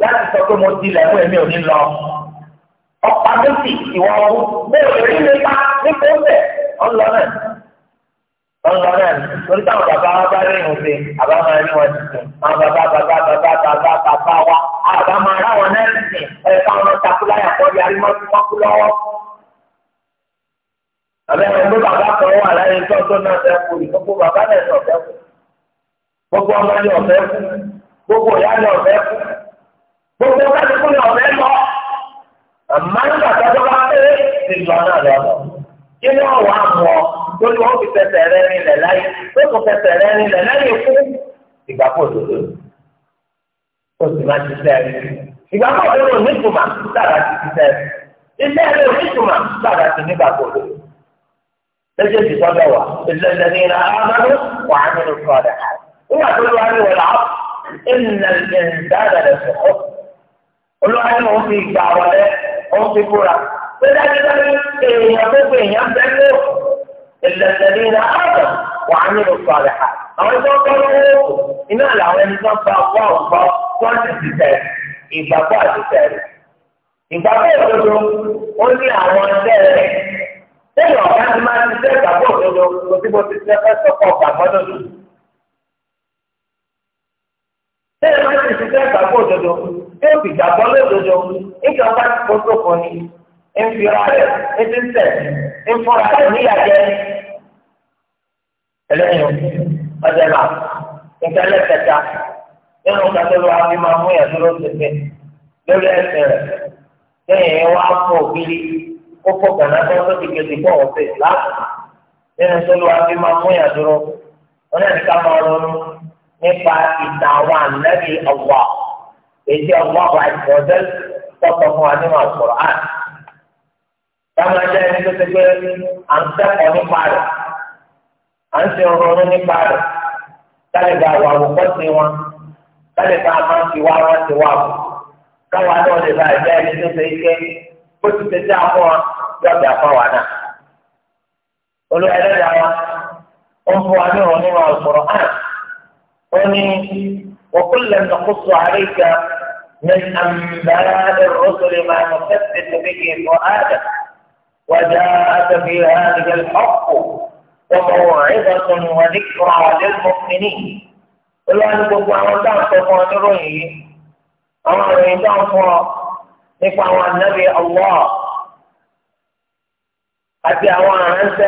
láti sọ pé mo di ilẹ̀kùn èmi ò ní lọ. ọ̀pá méjì ìwọ ọ̀hún bẹ́ẹ̀ ò rí nípa nípa ó bẹ̀ ọ̀nlọ náà ọ̀nlọ náà torí táwọn bàbá wa bá rí ìrùn sí àbá máa rí wọn sí àwọn bàbá bàbá bàbá bàbá bàbá wa àbá máa ráwọn náà sí ẹ̀ káwọn takuláyà kọ́ yarí mọ́kú lọ́wọ́ àbẹ̀rẹ̀ ọ̀gbọ́n bàbá kan wà láyé gbogbo ìyá ni ọ̀fẹ́ kú gbogbo kálukú ni ọ̀fẹ́ lọ àmọ́ nígbà tó bá pé ìlú náà lọ lọ kí ni ọ̀wọ́ àmọ́ tó ní wọ́n fi fẹsẹ̀ rẹ rinlẹ̀ láyé tó tún fẹsẹ̀ rẹ rinlẹ̀ láyé kú ìgbàgbọ́ òdodo ó sì máa ti sẹ́ ìgbàgbọ́ òdodo ò ní ìtumà sára ti ti sẹ́ iṣẹ́ rẹ ò ní ìtumà sára ti nígbàgbọ́ òdodo méjèèjì sọ́dọ̀ wà ìlẹ̀ ìlẹ̀ ní ìlànà àmàlú wà á nínú sọ́dọ̀ nígbà tó lọ́wọ́ ní wọ́n làá ìnà ìdára rẹ̀ sọ̀kọ́. olúwa ni òun fi gbà wọlé òun fi kúra. pé dájúdájú èèyàn tó ìgbàgbọ́ àti tẹ̀lé. ìgbàgbọ́ òdodo ó ní àwọn tẹ̀lé tẹ̀lé ọ̀gá ti máa ti tẹ́ ìgbàgbọ́ òdodo kò sí bó ti tẹ́ fẹ́ sọ́kọ̀ ọ̀gbà mọ́tò lónìí. Bẹ́ẹ̀ máa ti ṣiṣẹ́ ìgbàgbọ́ òdodo, tí ó fi gbàgbọ́ lódodo, ìjọba ti kótó kan ni. Ìfìrà rẹ̀ ètí ń tẹ̀, ìfọ̀rà rẹ̀ níyàjẹ́. Ẹlẹ́yìn ọjọ́ náà, nǹkan ẹlẹ́kẹta, nínú kàtẹ́lú àwọn ọmọ àwọn èèyàn dúró tẹ̀tẹ̀ lórí ẹsẹ̀ rẹ̀. Lẹ́yìn wá fún ògiri, ó fọ́ gànà tó tó ti gbèsè pọ̀ ọ̀sẹ̀ láàpù. Nínú sọ́lú àwọn ọmọ àwọn èèyàn dúró, wọn náà ní nípa ìta àwọn ànábì ọ̀wà èdè ọ̀wà àìsàn tọ́tọ̀ fún wa nínú àkùrọ̀ àn. Táwọn ajá ẹni tó ti gbé à ń kẹ́kọ̀ọ́ nípa rẹ̀, à ń ṣe nípa rẹ̀, àwọn àwòkọ́ sí wọn, wọn ti lè bá ẹgbẹ́ ẹni tó ti bó ti náà. Olú ẹlẹ́dàá ó ń fún wa ní àkùrọ̀ وني وكل نقص عليك من أنباء الرسل ما نثبت به فؤادك وجاءت في هذه الحق وموعظة وذكرى للمؤمنين إلا أن تبقى وتعطى فاتره أما أن تعطى نفع النبي الله حتى أوان أنسى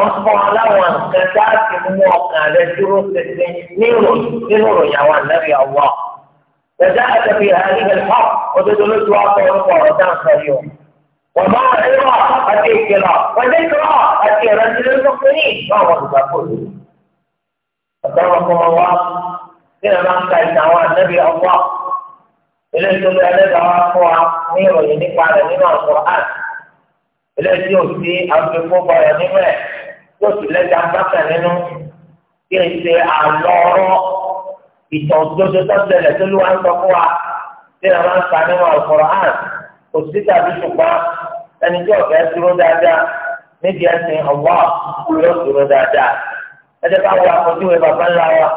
àwọn fún wa láwọn nǹkan tá a ti mú ọkàn rẹ dúró tẹ̀sí nínú nínú ìròyìn àwọn ànábì ọwọ́. Ẹ̀dá àtẹ̀fẹ́ àdìgbẹ̀ pọ̀ òdodo ló ti wá fún orúkọ ọ̀rọ̀ tá à ń sọ yìí o. Wọ̀mọ́ ẹ̀rọ àti ìkìlọ̀ pẹ̀lú ìkìlọ̀ àti ìrántí lókùnrin náà wọ́n ti gbà kó lò. Ọ̀gá ọkọ̀ wa bí ẹ máa ń ka ìtàn àwọn won ànábì ọwọ́ iranti ti le won lọ ẹlẹ́dàá wá fún wa bi e ìròyìn nípa rẹ̀ nínú àti ni tí ò sí àfikún bọ̀rẹ̀ afikun e yóò sì lẹ́jà gbàgbà nínú kí n ṣe àlọ́rọ́ ìtàn òdodo tó ṣẹlẹ̀ tó ló wá ń sọ fún wa tí a máa ń ka nínú Al-Qur'an kò sí tàbí ṣùgbọ́n ẹni tí ọ̀fẹ́ dúró dáadáa níbi ẹsìn ọ̀wọ́ yóò dúró dáadáa. ẹjẹ́ bá wọ àkọsíwèé bàbá ńlá wa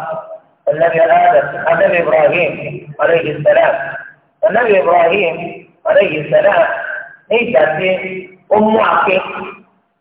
ọ̀nàbí ọ̀nàbí Ibrahim alayhi salam ọ̀nàbí Ibrahim alayhi salam ní ìgbà tí ó mú àké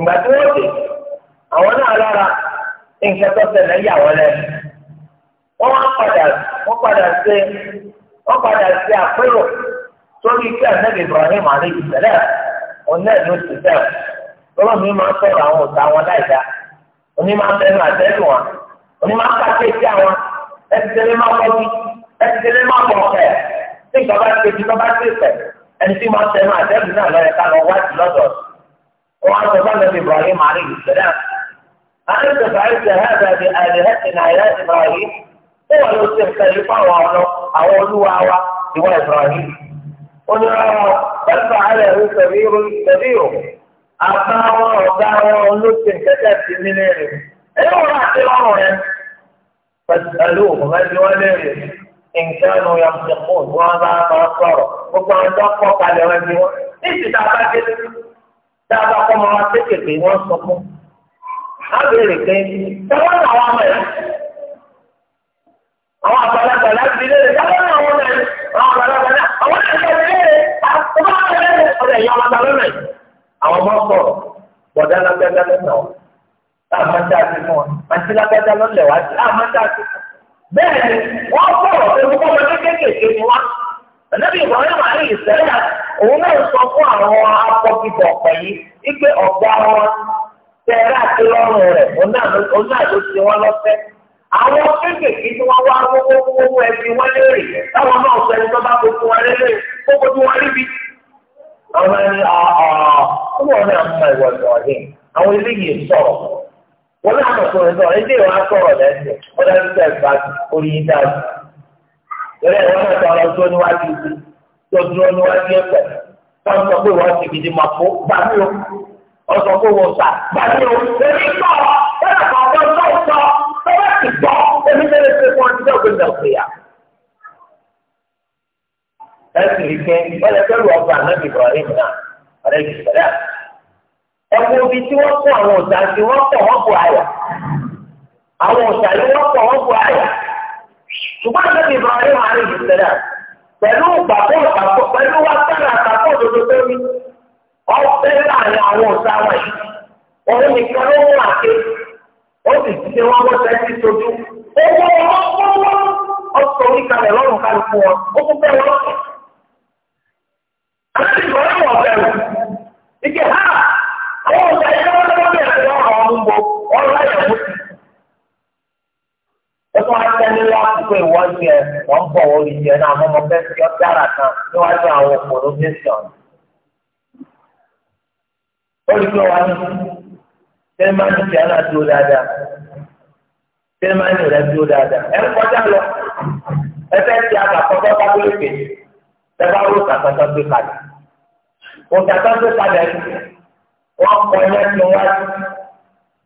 ìgbà tí wọ́n dé àwọn náà lára nǹkan tó ṣẹlẹ̀ yà wọ́n lẹ́nu wọ́n wá padà wọ́n padà ṣe wọ́n padà ṣe àpérò sórí kí ànábì Ibrahim alayhi salam ọ̀nà ìlú ti tẹ̀ lọ́wọ́ mi máa sọ̀rọ̀ àwọn ọ̀tá wọn láìda oní máa bẹnu àtẹ́lù wọn oní máa pàṣẹ sí àwọn ẹtìtẹ́lẹ́ máa bọ́ bí ẹtìtẹ́lẹ́ máa bọ̀ ọ̀fẹ́ tí nǹkan bá ṣe tí nǹkan bá ṣe fẹ̀ ẹni tí máa bẹnu àtẹ́lù náà lọ́yẹ ká lọ wá sí وعلى ظل إبراهيم عليه السلام أنت فعلت هذا بآلهتنا يا إبراهيم هو يصير سيطان أو لواوى هو إبراهيم قلنا بل فعله كبير كبير أما وقعوا نصف كتبت من إيه راح فاسألوه غير وليه إن كانوا ينطقون وما ما صاروا وقعوا على وجهه إيش تعبان dáadáa kọ́ máa wá pé wọ́n sọ fún a béèrè pé àwọn àgbàlagbà láti lé àwọn àgbàlagbà náà àwọn lé àwọn lé ọ̀rẹ́ ìyá ọmọ àwọn ọmọ bọ̀dá lágbàdá tá a fún wọn ah, àti lágbàdá lọ́lẹ̀ fún wọn bẹ́ẹ̀ ni wọ́n sọ̀rọ̀ Ànábì Ibrahim alayhi salam òun náà sọ fún àwọn akọ́kíbọ̀ pẹ̀lú wípé ọ̀gá wọn tẹ̀rẹ́ àti lọ́rùn rẹ̀ òun náà ló ti wọ́n lọ́fẹ́. Àwọn kéékèèké tí wọ́n wá gbogbo gbogbo ẹbí wọn léèrè táwọn náà sọ ẹni tó bá gbogbo wọn léèrè gbogbo tí ríbi. ẹni ìwọ àwọn eléyìí wọn eré ìwọ náà tọrọ dúró níwájú ibi tó dúró níwájú ẹ̀pẹ̀ wọ́n sọ pé wọ́n ti gidi máa fó gbà mí o wọ́n sọ pé wọ́n sà gbà mí o èmi gbọ́ ẹ̀rọ kan tó tó sọ ẹ̀rọ ti gbọ́ èmi lè ṣe fún ọtí tó gbẹdọ̀ pé ya. ẹ sì rí pé ẹlẹ́tẹ̀rù ọba ànábì Ibrahim náà ọ̀rẹ́ ìgbẹ́lẹ́ ẹ̀kọ́ ibi tí wọ́n kó àwọn ọ̀sà tí wọ́n kọ̀ wọ́n bu àyà àwọn ọ̀sà yìí wọ́n kọ̀ wọ́n bu àyà ṣùgbọ́n àtẹ́bí Ibrahim alayhi salam pẹ̀lú gbàgbọ́ àpapọ̀ pẹ̀lú agbára àpapọ̀ òdodo tó rí ọ̀fẹ́ láàrin àwọn ọ̀sá wọn yìí òun nìkan ló mú àké ó sì ti ṣe wọn wọ́n tẹ́tí sojú owó ọlọ́wọ́ ọ̀sọ̀ oníkalẹ̀ lọ́rùn kálukú wọn ó kún fẹ́ wọn. àti ìgbọ́lá wọ̀ bẹ̀rù ike ha àwọn ọ̀sá yẹn lọ́wọ́ lọ́wọ́ bẹ̀rẹ̀ lọ́rọ̀ ọ̀hún bọ̀ ọ̀rọ̀ ayọ̀ mú ti pé ìwọ jẹ wọn ń bọ̀ wọ́n lè jẹ náà àmọ́ ọmọ bẹ́ẹ̀ tí ó dára kan níwájú àwọn òpònú tẹ̀sán. ó lè pé wá ní tẹ́lẹ̀mánì tí a náà dúró dáadáa tẹ́lẹ̀mánì rẹ̀ dúró dáadáa ẹ̀ ń kọjá lọ ẹ fẹ́ ti àgbàkọ́ bá bá lóye pè ẹ bá rò kàkàtà gbé kalẹ̀ òkàtà gbé kalẹ̀ wọ́n kọ ẹ̀ lẹ́sìn wájú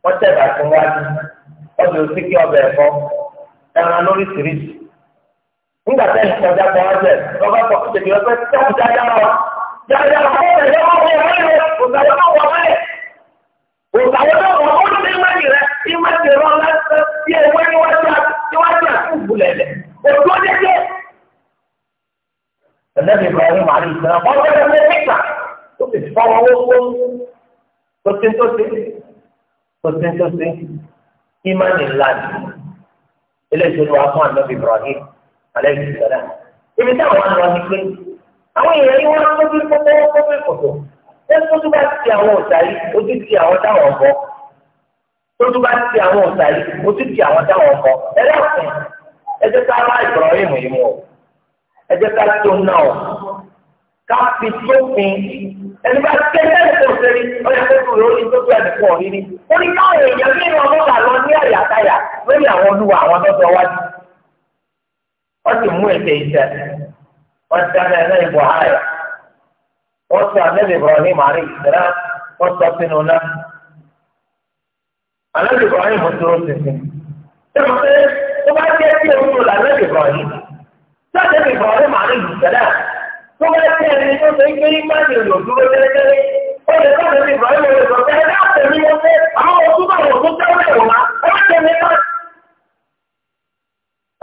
wọ́n tẹ̀ bàtún wájú wọ́n ti ò ẹran lóríṣiríṣi nígbà tẹ́ ẹ̀ kọjá bọ́ ọ́ jẹ lọ́ba tó kọ́ tètè lọ́pẹ́ tó kọjá já wa já já wa kọ́ tẹ̀lé wọn wọ mẹ́lẹ̀ òǹtàwọ́ náà wọ mẹ́lẹ̀ òǹtàwọ́ náà wọ ó ní mẹ́lẹ̀ rẹ ní mẹ́lẹ̀ rọ lásán bí ewé níwájú níwájú àtúbù lẹ̀lẹ̀ òtú ọdẹ jẹ. ẹ̀lẹ́bí Ibrahim àrí ìsìn náà wọ́n fẹ́ẹ́ fẹ́ pípa tó fi fọwọ́ wó tó tó ti tó ti tó ti tó ti ìmánì ńlá ni eléyìí ló wá fún ànábì Ibrahim alẹ́bí sọ̀rọ̀ ibi táwọn àwọn àwọn ìpè àwọn èèyàn yìí wọ́n kójú kókó kókó kòtò wọ́n kójú bá ti àwọn ọ̀tá yìí ojú ti àwọn táwọn ọ̀bọ kójú bá ti àwọn ọ̀tá yìí ojú ti àwọn táwọn ọ̀bọ ẹlẹ́sìn ẹjẹ́ ká bá Ibrahim yìí mú ọ ká tó náà ká fi tó fin ẹni bá tẹ́lẹ̀ tó sẹ́ni ọ̀yà tó tó lórí tó tó ẹ̀dùn pọ̀ rírí. ó ní káwọn èèyàn bí wọn bá lọ ní àyàkáyà lórí àwọn olúwa àwọn ọ̀dọ́ wájú. wọ́n ti mú ètè ìṣẹ́ wọ́n ti dáná ẹ̀rọ ìbò ààyè wọ́n sọ àlẹ́lẹ̀ ìbọ̀rọ̀ ní màrí ìṣẹ́lá wọ́n sọ sínú náà. àlẹ́lẹ̀ ìbọ̀rọ̀ yìí mo dúró sísìn. ṣé mo fẹ́ tó bá jẹ́ kí tó bá tẹ ẹni tó ṣe gbé ní máàlì òyò dúró tẹ́lẹ̀tẹ́lẹ̀ ó lè tó lè fi ìbáyé wọlé sọ pé ẹni àtẹ mi wọ́n fẹ́ àwọn ọdún bá wọ̀ tó tẹ́lẹ̀ wọ̀ má ẹ má tẹ̀lé má.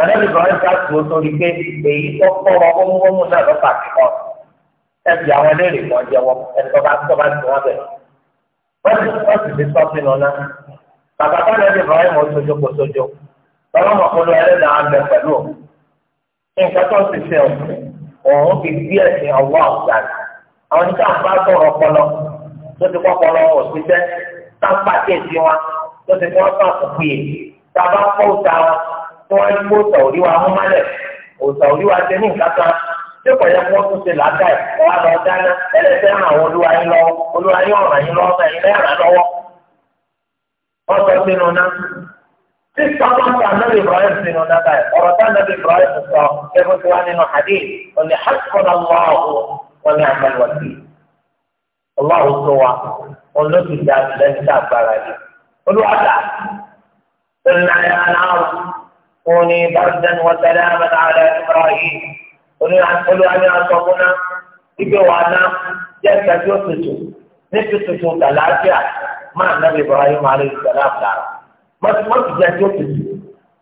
Àdébí Ibrahim ń káàtì ó torí pé èyí tó kọ́ ọ ọmọọmọ náà ló fà sí kọ́ ẹ fi àwọn eléèrè wọn jẹwọ ẹni tó bá tó bá tó wọn bẹ̀. Wọ́n ti fi sọ́ọ̀tì nù náà. Bàbá bá lẹ́nu Ibrahim ó sojo kò sojo. Bàbá mọ̀ ti ṣe ọ̀sẹ̀. òun fi bí ẹ̀sìn ọwọ́ ọ̀gá àwọn oníkà ń bá sọ̀rọ̀ ọpọlọ tó ti kọ́kọ́lọ́ òṣìṣẹ́ táǹpà kéèsì wọn tó ti kọ́ ọ òkúyè tábà ń òòtà wọn tí wọ́n kó òòtà òríwá mú òòtà ti ní tí kò yẹ kó tún ṣe làákà ràn àwọn olúwa yín olúwa yín yín Títa wọn ti ànábì Ibrahim sínú dáta ẹ̀ ọ̀rọ̀ tá ànábì Ibrahim sọ ẹgbẹ́ tí wọ́n nínú hadith òní hasbọ̀nà lọ́ọ̀hù wọn ní àmàlùwàsí. Ọlọ́hù tó wa òun ló ti dá lẹ́yìn tá a gbára yìí. Olúwàdà ìlànà àlàáhù òní bàtàn wàtàlẹ́ àmàlà àlẹ́ Ibrahim olúwàdà àtọ̀kùnà ìgbé wa náà jẹ́ ìtàkì òtútù ní tuntun tàlàáfíà máa nàbì Ibrahim alayhi salam dára. mọ́tò jẹ́ tí ó ti di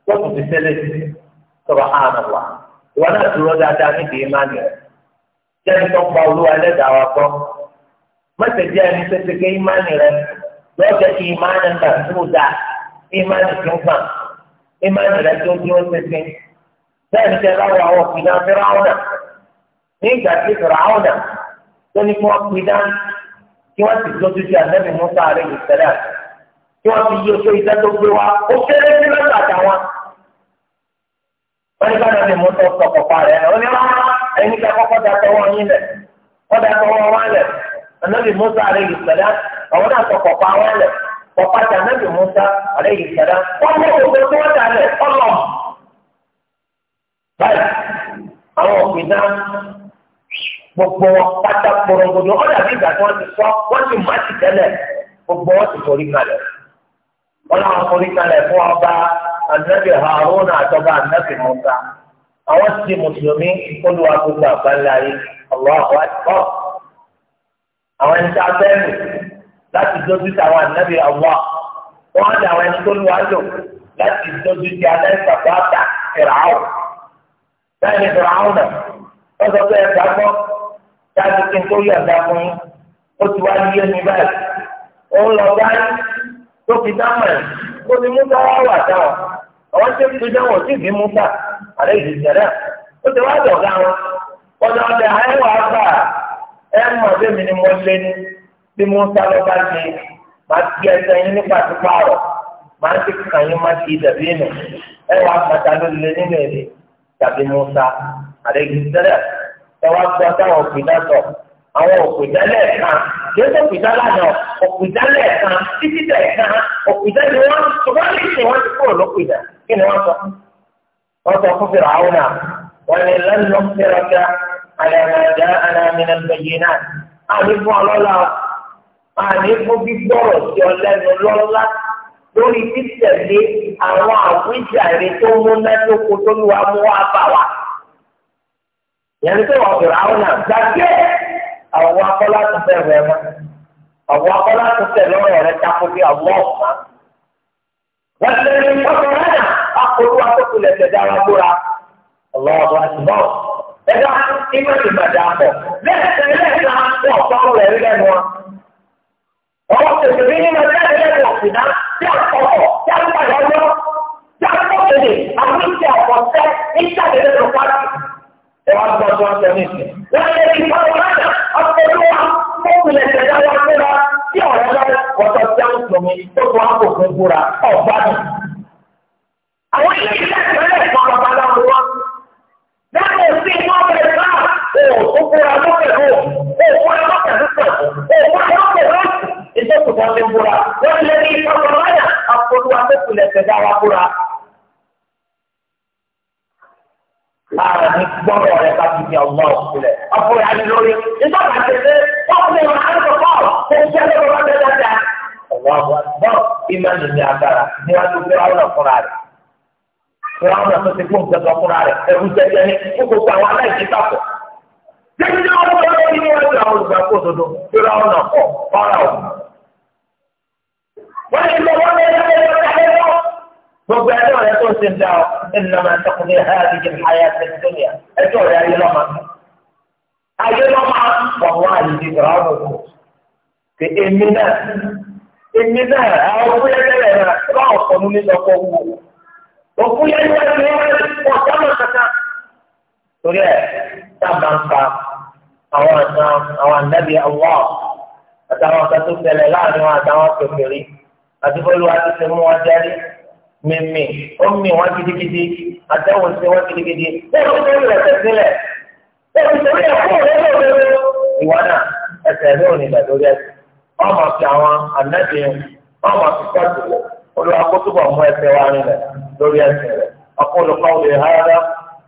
tó kù ti tẹ́lẹ̀ sí sọ̀rọ̀ ààrùn wa ìwọ náà dúró dáadáa níbi ìmánì rẹ̀ jẹ́ni tó pa olúwa ẹlẹ́dàá wa kọ́ mọ́tò jẹ́ ẹni tó ti gé ìmánì rẹ̀ lọ́jọ́ kí ìmánì gbà tó dáa ìmánì tó gbà ìmánì rẹ̀ tó dúró títí bẹ́ẹ̀ni tẹ láwọn àwọn òpìdán fẹ́ráwọ̀nà nígbà tí fẹ́ráwọ̀nà tó ní kí wọ́n pidán kí wọ́n sì tó dúdú àlẹ́ wọ́n fi yí oṣù iṣẹ́ tó gbé wa ó kéré sí lọ́sọ̀ àtàwọn. wọ́n ní ká lọ́ọ́ ní mú tó sọ kọ̀ọ̀pá rẹ̀ ní wọ́n ẹni ká kọ́kọ́ da tọwọ́ yín lẹ̀ wọ́n da tọwọ́ wọn lẹ̀ ànábì Musa àlẹ́ sẹ̀dá àwọn náà sọ kọ̀ọ̀pá wọn lẹ̀ kọ̀ọ̀pá gbogbo tí ọ̀dà bí ìgbà tí wọ́n ti sọ wọ́n ti ti ọlọ́run forí kalẹ̀ fún ọba anabi haruna àtọ́ba anabi musa àwọn ti mùsùlùmí olùwà gbogbo àgbáńlá yìí ọlọ́run àtọ́ àwọn ẹni tá a fẹ́ lò láti dojú ti àwọn anabi ọwọ́ wọn á dà àwọn ẹni tó lù wá lò láti dojú ti alẹ́sà bá ta ìràwọ̀ láti ìràwọ̀ náà wọ́n sọ pé ẹ̀ka gbọ́ láti kí n tó yọ̀ fún yín ó ti wá yé mi báyìí ó ń lọ báyìí. tó fi dáhùn ẹ̀ kó ni musa wá wà táwọn àwọn tó fi dáhùn sí musa àlẹ́ ìdí sẹ́dá ó ti wá dọ̀gá wọn ọ̀nà ọ̀dẹ̀ àyẹ̀wò àgbà ẹ̀ mọ̀ bẹ́ẹ̀ mi ni mo lé ní bí musa lọ bá ṣe máa ti ẹsẹ̀ yín nípa ti pààrọ̀ máa ti kàn yín máa ti nù ẹ̀ wá pàtà ló lé musa àlẹ́ sẹ́dá ẹ̀ wá gbọ́ àwọn òkùdálẹ̀ kan jésù òkùdálẹ̀ náà òkùdálẹ̀ kan títí tẹ̀ kan òkùdálẹ̀ wọn ṣùgbọ́n ní ìsìn wọn ti kúrò lókùdà kí ni wọ́n sọ. wọ́n sọ fún fèrè àwọn náà wọ́n ní lẹ́nu fẹ́rẹ́fẹ́ àyàmàdá anamínà gbẹ̀yìn náà àní fún ọlọ́lá àní fún gbígbọ́rọ̀ sí ọlẹ́nu lọ́lá lórí títẹ̀lé àwọn àwíjàre tó múnádóko tó lù wá mú wá bá wa. ìyẹn ní àwọn akọ́lá tó fẹ́ rẹ̀ mọ́ àwọn akọ́lá tó fẹ́ lọ́rọ̀ rẹ̀ tako bí àwọn ọ̀fà. wọ́n ti rí ọkọ̀ rẹ̀ nà akọ̀lù akọ̀kulẹ̀ tẹ̀dá ara gbóra ọlọ́ọ̀bọ̀ àtìmọ́ ẹ̀dá ìmọ̀ ìgbàdà pọ̀ lẹ́ẹ̀kan lẹ́ẹ̀kan wọ́n ọ̀pọ̀ rẹ̀ rí lẹ́nu wọn. ọwọ́ tètè bí nínú ẹgbẹ́ ẹgbẹ́ ọ̀sìnà tí àkọ́kọ̀ tí àkọ́kọ̀ yọ ẹwà gbọ́ tó ń sọ ní ìsìn. Wọ́n lè fi bá wọn lájà ọ̀pọ̀lọpọ̀ wa fún ìpìlẹ̀ ìṣẹ̀dá wa fúnra tí ọ̀rẹ́ bá wọ́tọ̀ tí a ń sọ mi tó tó àpò fún fúra ọ̀gbá mi. Àwọn ilé iṣẹ́ ìpínlẹ̀ kan bàbá láwọn wọn. Dáàbò sí iná bẹ̀rẹ̀ náà ó fúra lókè ló ó fúra lókè lókè ó fúra lókè lókè ìjọ́kùtà ti fúra. Wọ́n lè fi bá wọn lájà ọ̀pọ̀lọpọ̀ láàrin ní gbọ́dọ̀ rẹ̀ bá ti di ọgbọ́n òkúlẹ̀. ọkùnrin àti lórí nígbà tó ti ṣe ọkùnrin ọ̀nà àdúgbò pọ̀ tó ń jẹ́ lọ́wọ́ bá tẹ́ dáadáa. ọ̀wọ́ àgbọ̀ ìmọ̀lù ní agbára níwájú fúráwọn ọ̀kúnra rẹ̀. fúráwọn tó ti gbóhùn tẹ́tọ̀ ọ̀kúnra rẹ̀ ẹ̀rù jẹjẹ ní kókò àwọn aláìsí tàkọ̀. jẹ́jẹ́ وبعدها يقول سنداء إنما تقضي هذه الحياة الدنيا أجل يا إلما أجل ما والله يجرابه في إمنا إمنا أعطي لنا رأس من الأقوه وقل أن يجرابه وكما كتا تقول يا تبانك أوان نبي الله أتوقف تسلل لا نوان توقف لي أتفلوا هذه السموة جالي mímì ó mì wọn gidigidi àtẹwò sí wọn gidigidi bẹ́ẹ̀ ló ń lọ sílẹ̀ bẹ́ẹ̀ ló ń sọ yẹ kó lọ lọ lọ ìwọ náà ẹsẹ̀ ló ń nílẹ̀ lórí ẹsẹ̀ ọmọ sí àwọn ànájẹ ọmọ sí sọtìlẹ olùwàkótóbọ mú ẹsẹ̀ wa nílẹ̀ lórí ẹsẹ̀ rẹ̀ أقول قولي هذا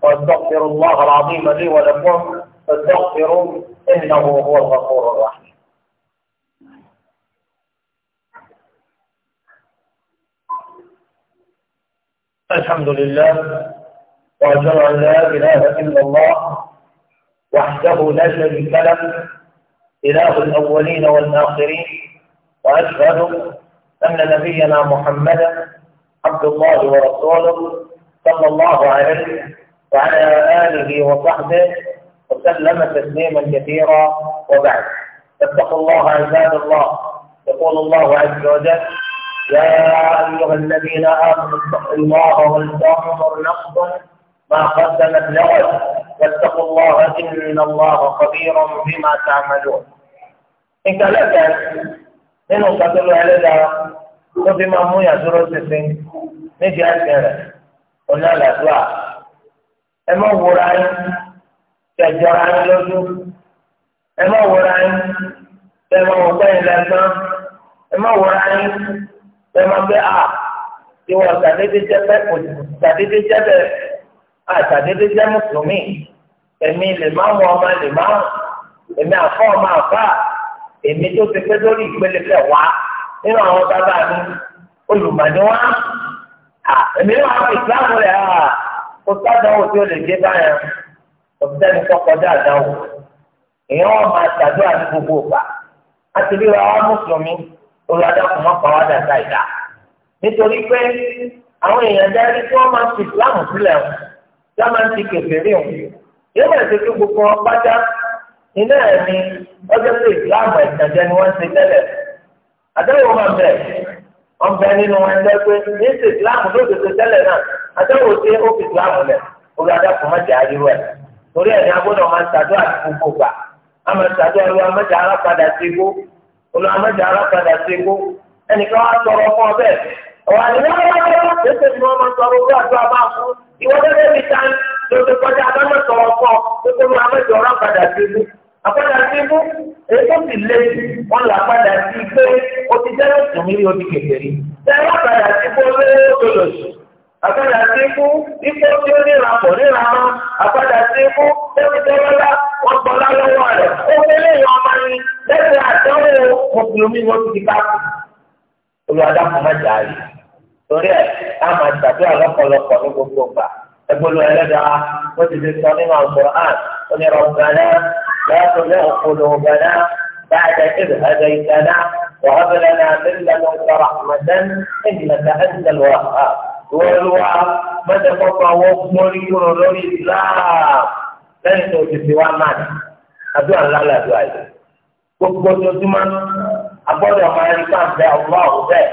واستغفر الله العظيم لي ولكم فاستغفروا انه هو الغفور الرحيم الحمد لله وأشهد أن لا إله إلا الله وحده لا شريك له إله الأولين والآخرين وأشهد أن نبينا محمدا عبد الله ورسوله صلى الله عليه وعلى آله وصحبه وسلم تسليما كثيرا وبعد اتقوا الله عباد الله يقول الله عز وجل يا أيها الذين آمنوا اتقوا الله ولتنظر نفس ما قدمت لغد واتقوا الله إن الله خبير بما تعملون. إن كانت من قتل أهلنا وفي مأمون يا سرور سفين نجي أسئلة قلنا لا دعاء أما وراي تجرى عن جوزو أما وراي أما وطين لأسان أما وراي ẹ máa ń bẹ à ìwọ ṣàdédé jẹ pẹ́kù ṣàdédé jẹ bẹ à ṣàdédé jẹ mùsùlùmí èmi lè má wọn ọmọ lè má èmi àfọ ọmọ àfà èmi tó ti pé lórí ìpele fẹ wá nínú àwọn bàbá mi olùmọ̀ni wá èmi wà á fi ìsìlámù rẹ̀ à kó sádánwò tí ó lè dé báyà ọ̀sẹ̀ni kọ́kọ́dá àdáwò èèyàn wọn máa ṣàdúrà ní gbogbo ìgbà àti bí wàá mùsùlùmí olùwàdàkùn mọ́ pa wá dàda ìdá nítorí pé àwọn èèyàn dárí tí wọ́n máa ń fi ìsìláàmù sílẹ̀ wọn yá máa ń ti kèfèrí wọn yóò máa ṣe kí gbogbo wọn pátá iná ẹ̀ ni ọjọ́ pé ìsìláàmù ìtàjẹ́ ni wọ́n ń ṣe tẹ́lẹ̀ àdáwò máa bẹ̀ wọ́n bẹ nínú wọn ẹgbẹ́ pé ní ṣe ìsìláàmù lóṣooṣo tẹ́lẹ̀ náà àdáwò ṣe ó fi ìsìláàmù lẹ̀ olùwàdàkùn mọ́ jà ríro ẹ̀ torí ẹ̀ ni agbọ́dọ̀ máa ń ṣàdúrà gbogbo gbà ṣàdúrà olùhàmẹ́jọ alákàdá sí ikú ẹnìkan wá sọ̀rọ̀ fún ọbẹ̀ ọ̀wà nínú ọlọ́wọ́ tẹ̀sẹ̀ ni wọ́n máa sọ̀rọ̀ fún àdúrà bá fún ìwọ́n tẹ́lẹ̀ mi ta lóṣù kọjá abẹ́mọ̀ sọ̀rọ̀ fún ọ pípé olùhàmẹ́jọ alákàdá sí ikú àkàdá sí ikú èyí tó sì lé wọn là padà sí pé o ti jẹ́ lọ́sùn o ti kékeré tẹ́lẹ̀ àkàdá sí ikú olówó tó lọ́sùn àpàdà sí ikú ikú tí ó níra pọ̀ níra mọ́ àpàdà sí ikú lẹ́yìn tó lọ́lá wọ́n gbọ́ lọ́wọ́ rẹ̀ ó fi léyìn ọmọ ni lẹ́sẹ̀ àtẹ́wò mùsùlùmí wọn ti bá olùwàdàpọ̀ má jà rí torí ẹ̀ á máa ṣàdúrà lọ́pọ̀lọpọ̀ ní gbogbo ìgbà ẹgbẹ́lu ẹlẹ́dàá wọ́n ti fi sọ nínú àwòrán onírọ̀ gbàdá wọ́lúwa mẹ́tẹ̀ kọ́kọ́ àwọn gbórí kúrò lórí islam lẹ́yìn tó ti fi wá náà àdúrà ńlá làdúrà yìí gbogbo ojoojúmọ́ agbọ́dọ̀ máa rí káàbẹ́ ọ̀gbọ́n ọ̀gbẹ́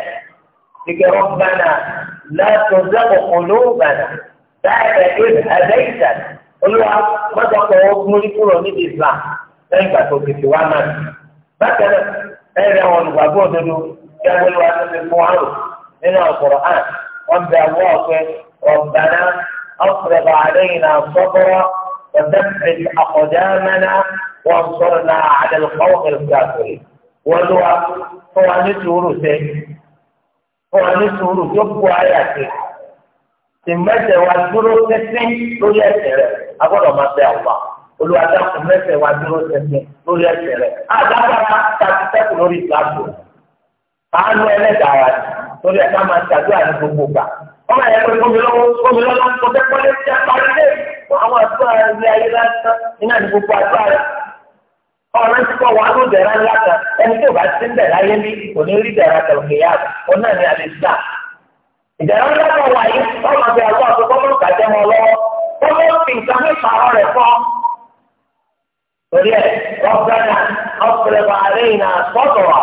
ike rọ́gbàna láti ọ̀dọ́ ọ̀lọ́gbàna dáìbẹ̀ ìlú ẹ̀dẹ́gbẹ̀sán olúwa mẹ́tẹ̀ kọ́ àwọn gbórí kúrò níbi islam lẹ́yìn tó ti fi wá náà ọbẹ̀ àwọn ọ̀fẹ́ ọ̀bàná ọ̀pẹ̀lẹ̀ àlẹ́yìn àṣọ́bọ̀rọ̀ ọ̀dẹ́pẹ̀ àkọ̀dámẹ́ná wọn sọ̀rọ̀ náà àdàlù kọ́wọ́kẹ̀lẹ̀ gbàgbé wọn ló wa fún wa ní sùúrù sẹ́ fún wa ní sùúrù tó kú ayé àti tìmẹ́sẹ̀ wa dúró sẹ́sẹ́ lórí ẹ̀sẹ̀ rẹ̀ agbọ́dọ̀ máa bẹ àwọn olùwà dákun mẹ́sẹ̀ wa dúró sẹ́sẹ́ lórí ẹ̀sẹ̀ rẹ̀ àdàbàrà tàbí sẹ́kù lórí ìgbàgbọ́ àánú ẹlẹ́dàá wa ni torí ẹ̀ka máa ń tàdúrà ní gbogbo gbà. ọmọ ẹ̀yà pé kómi lọ́wọ́ kómi lọ́wọ́ kó fẹ́ pọ́lé ti apárí lé àwọn àdúrà ilé ayé lásán iná ní gbogbo àdúrà rẹ̀. ọ̀rọ̀ ti kọ́ wa ló dẹ̀ra ńlá kan ẹni tó bá ti ń bẹ̀ láyé ní kò ní rí dẹ̀ra kẹ̀kẹ́yà ọ náà ní alẹ́ sá. ìdẹ̀ra ńlá kan wà yìí ọmọ bí àwọn àkọ́kọ́ mọ̀ kàjẹ́ wọn lọ́wọ́ kọ́mọ́ fi nǹkan mẹ́ta rẹ̀ fọ́. torí ẹ̀ ọ̀gbẹ́ni ọ̀pẹ̀lẹ̀ bàárẹ̀ ìnà sọ́tọ̀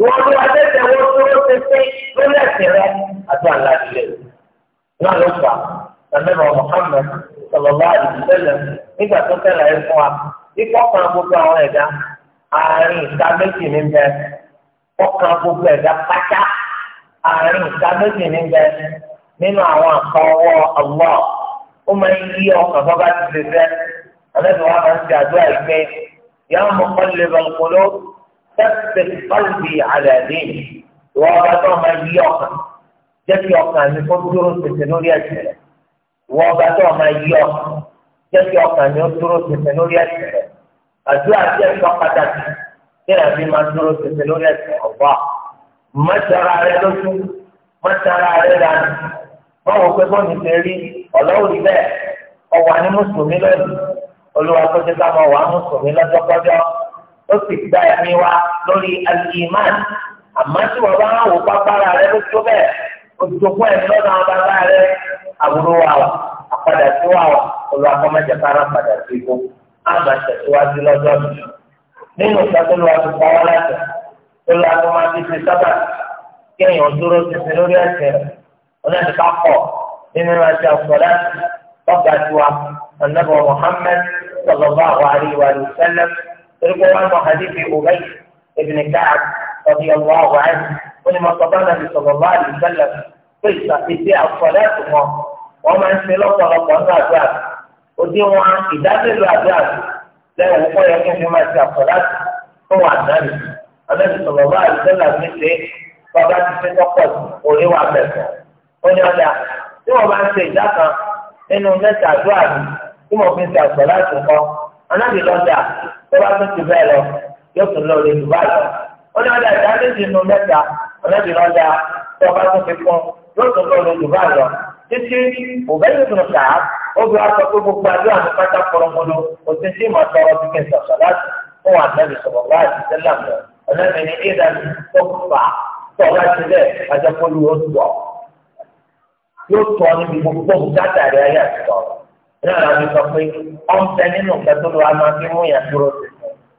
wọ́n ló adẹ́sẹ̀ wọ́n tó ló ṣe pé ló lẹ́sẹ̀ rẹ̀ àti àlàyé náà ló fà sàmẹ́rọ̀ Muhammad sọlọ́lá àdìsẹ́lẹ̀ nígbà tó tẹ̀lé ẹ fún wa ikọ́ kan gbogbo àwọn ẹ̀dá àárín ìka méjì ní bẹ ọkàn gbogbo ẹ̀dá pátá àárín ìka méjì ní bẹ nínú àwọn àkọwọ́ ọlọ́ ó máa ń yí ọkàn bọ́ bá ti ṣe fẹ́ ọlẹ́sìn wa máa ń ṣe àdúrà yìí yàrá mọ̀kànlélọ́kọ̀ọ́ ثبت قلبي على ديني وأبطل من يقن جاكي يقن من كل تسنور يسر وأبطل من يقن جاكي يقن من كل تسنور يسر أدعى جاكي فقدت إلى في منظور تسنور يسر الله ما ترى على نفسه ما ترى على لعنه ما هو كيفون يسيري ولو لباء أو أنا مسلمي لن قلوا أقول لك ما هو مسلمي لن تقدر ó sì gba ẹ̀mí wa lórí al-iman àmọ́ tí wọ́n bá wò pápára rẹ ló tó bẹ́ẹ̀ òjòkun ẹ̀mí lọ́dọ̀ àwọn bàbá rẹ àbúrò wa wà àpadà sí wa wà olú akọ́mọ̀jẹ kára padà sí ikú àmà tẹ̀síwájú lọ́jọ́ mi nínú ìtọ́jú àti pàwọ́ láti olú akọ́mọ̀ àti ti sábà kí bee ojokun emi lọ́nà dúró títí lórí ẹ̀sẹ̀ rẹ̀ ọlọ́ni ká lati tó lọ ati wọn nínú fi ìrìnàjò àkọ́lá lọ́gbàdúrà ànábọ̀ Muhammad sallallahu alaihi wa sallam تلقوا عنه حديث أبي بن كعب رضي الله عنه ولما صدى النبي صلى الله عليه وسلم قلت إتي الصلاة ما وما انسلوا طلبوا الأزواج وديوا عن إدابة الأزواج لا يقول يكون في مسجد الصلاة هو النبي النبي صلى الله عليه وسلم مثل bàbá ti fi kọ́kọ́ òní wà bẹ̀sẹ̀. ó ní ọjà tí wọ́n bá ń ṣe ìdá kan nínú mẹ́ta àdúrà tó bá tún ti bẹ́ẹ̀ lọ yóò tún lọ lè Dubai lọ. ó ní ọjà ìdá méjì nínú mẹ́ta ọlọ́dún ọjà tó bá tún ti kún yóò tún lọ lè Dubai lọ. títí òbẹ́ni tún kà á ó bí wàá sọ pé gbogbo àdó àti pátá kọ̀ọ̀mọ́lọ́ òtún sí ìmọ̀ tọrọ bí kí n sọ̀sọ̀ láti fún wa nàbì sọ̀rọ̀ láti sẹ́lá mi ọlọ́dún ní ìdá tó tó ọ̀gá ti bẹ́ẹ̀ ajá pọ́lú yóò tọ̀ yóò tọ́ níbi gbogbo bùkátà rẹ̀ ayé àtijọ́ náà la fi sọ pé ọ̀npẹ nínú nǹkan tó lọ wá máa fi mú yàn dúró sí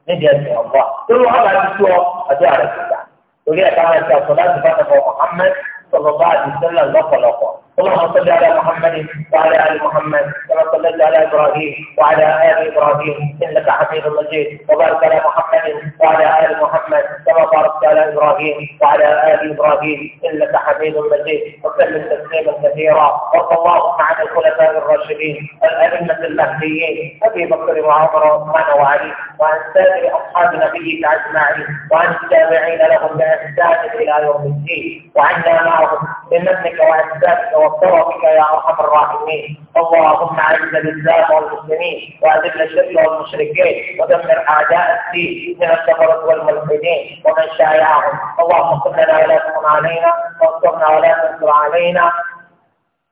níbi ẹ̀sìn ọ̀gbọ́n tó lọ wá láti tó ọjọ́ àrẹ̀ síta torí ẹ̀ka máa ṣe àtúndá ti bá tọkọ Muhammad sọlọ bá àdìsẹ́lẹ̀ lọ́pọ̀lọpọ̀ اللهم صل على محمد وعلى ال محمد كما صليت على ابراهيم وعلى ال ابراهيم انك حميد مجيد وبارك على محمد وعلى ال محمد كما باركت على ابراهيم وعلى ال ابراهيم انك حميد مجيد وسلم تسليما كثيرا وارض اللهم عن الخلفاء الراشدين الائمه المهديين ابي بكر وعمر وعثمان وعلي وعن سائر اصحاب نبيك اجمعين وعن التابعين لهم باحسان الى يوم الدين وعنا معهم بمنك واحسانك والطرق يا ارحم الراحمين اللهم اعز الاسلام والمسلمين واذل الشرك والمشركين ودمر اعداء الدين من الكفره والملحدين ومن شايعهم اللهم صل لنا ولا تكن علينا وانصرنا ولا تنصر علينا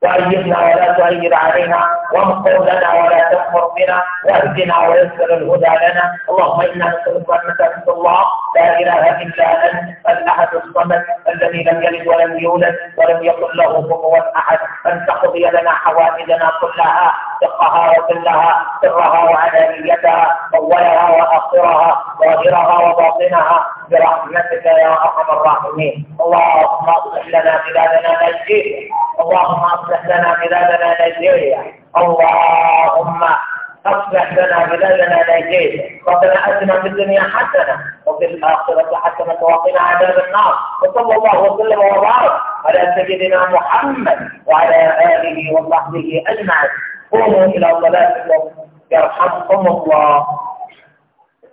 وأيدنا ولا تؤيد علينا وانصر لنا ولا تكفر بنا واهدنا ويسر الهدى لنا اللهم إنا نسألك أنك أنت الله لا إله إلا أنت الأحد الصمد الذي لم يلد ولم يولد ولم يكن له كفوا أحد أن تقضي لنا حوائجنا كلها دقها وكلها سرها وعلانيتها أولها وآخرها ظاهرها وباطنها برحمتك يا أرحم الراحمين اللهم اصلح لنا بلادنا نجيه اللهم اصلح واصلح لنا بلادنا نيجيريا اللهم اصلح لنا بلادنا نيجيريا ربنا اتنا في الدنيا حسنه وفي الاخره حسنه وقنا عذاب النار وصلى الله وسلم وبارك على سيدنا محمد وعلى اله وصحبه اجمعين قوموا الى صلاتكم يرحمكم الله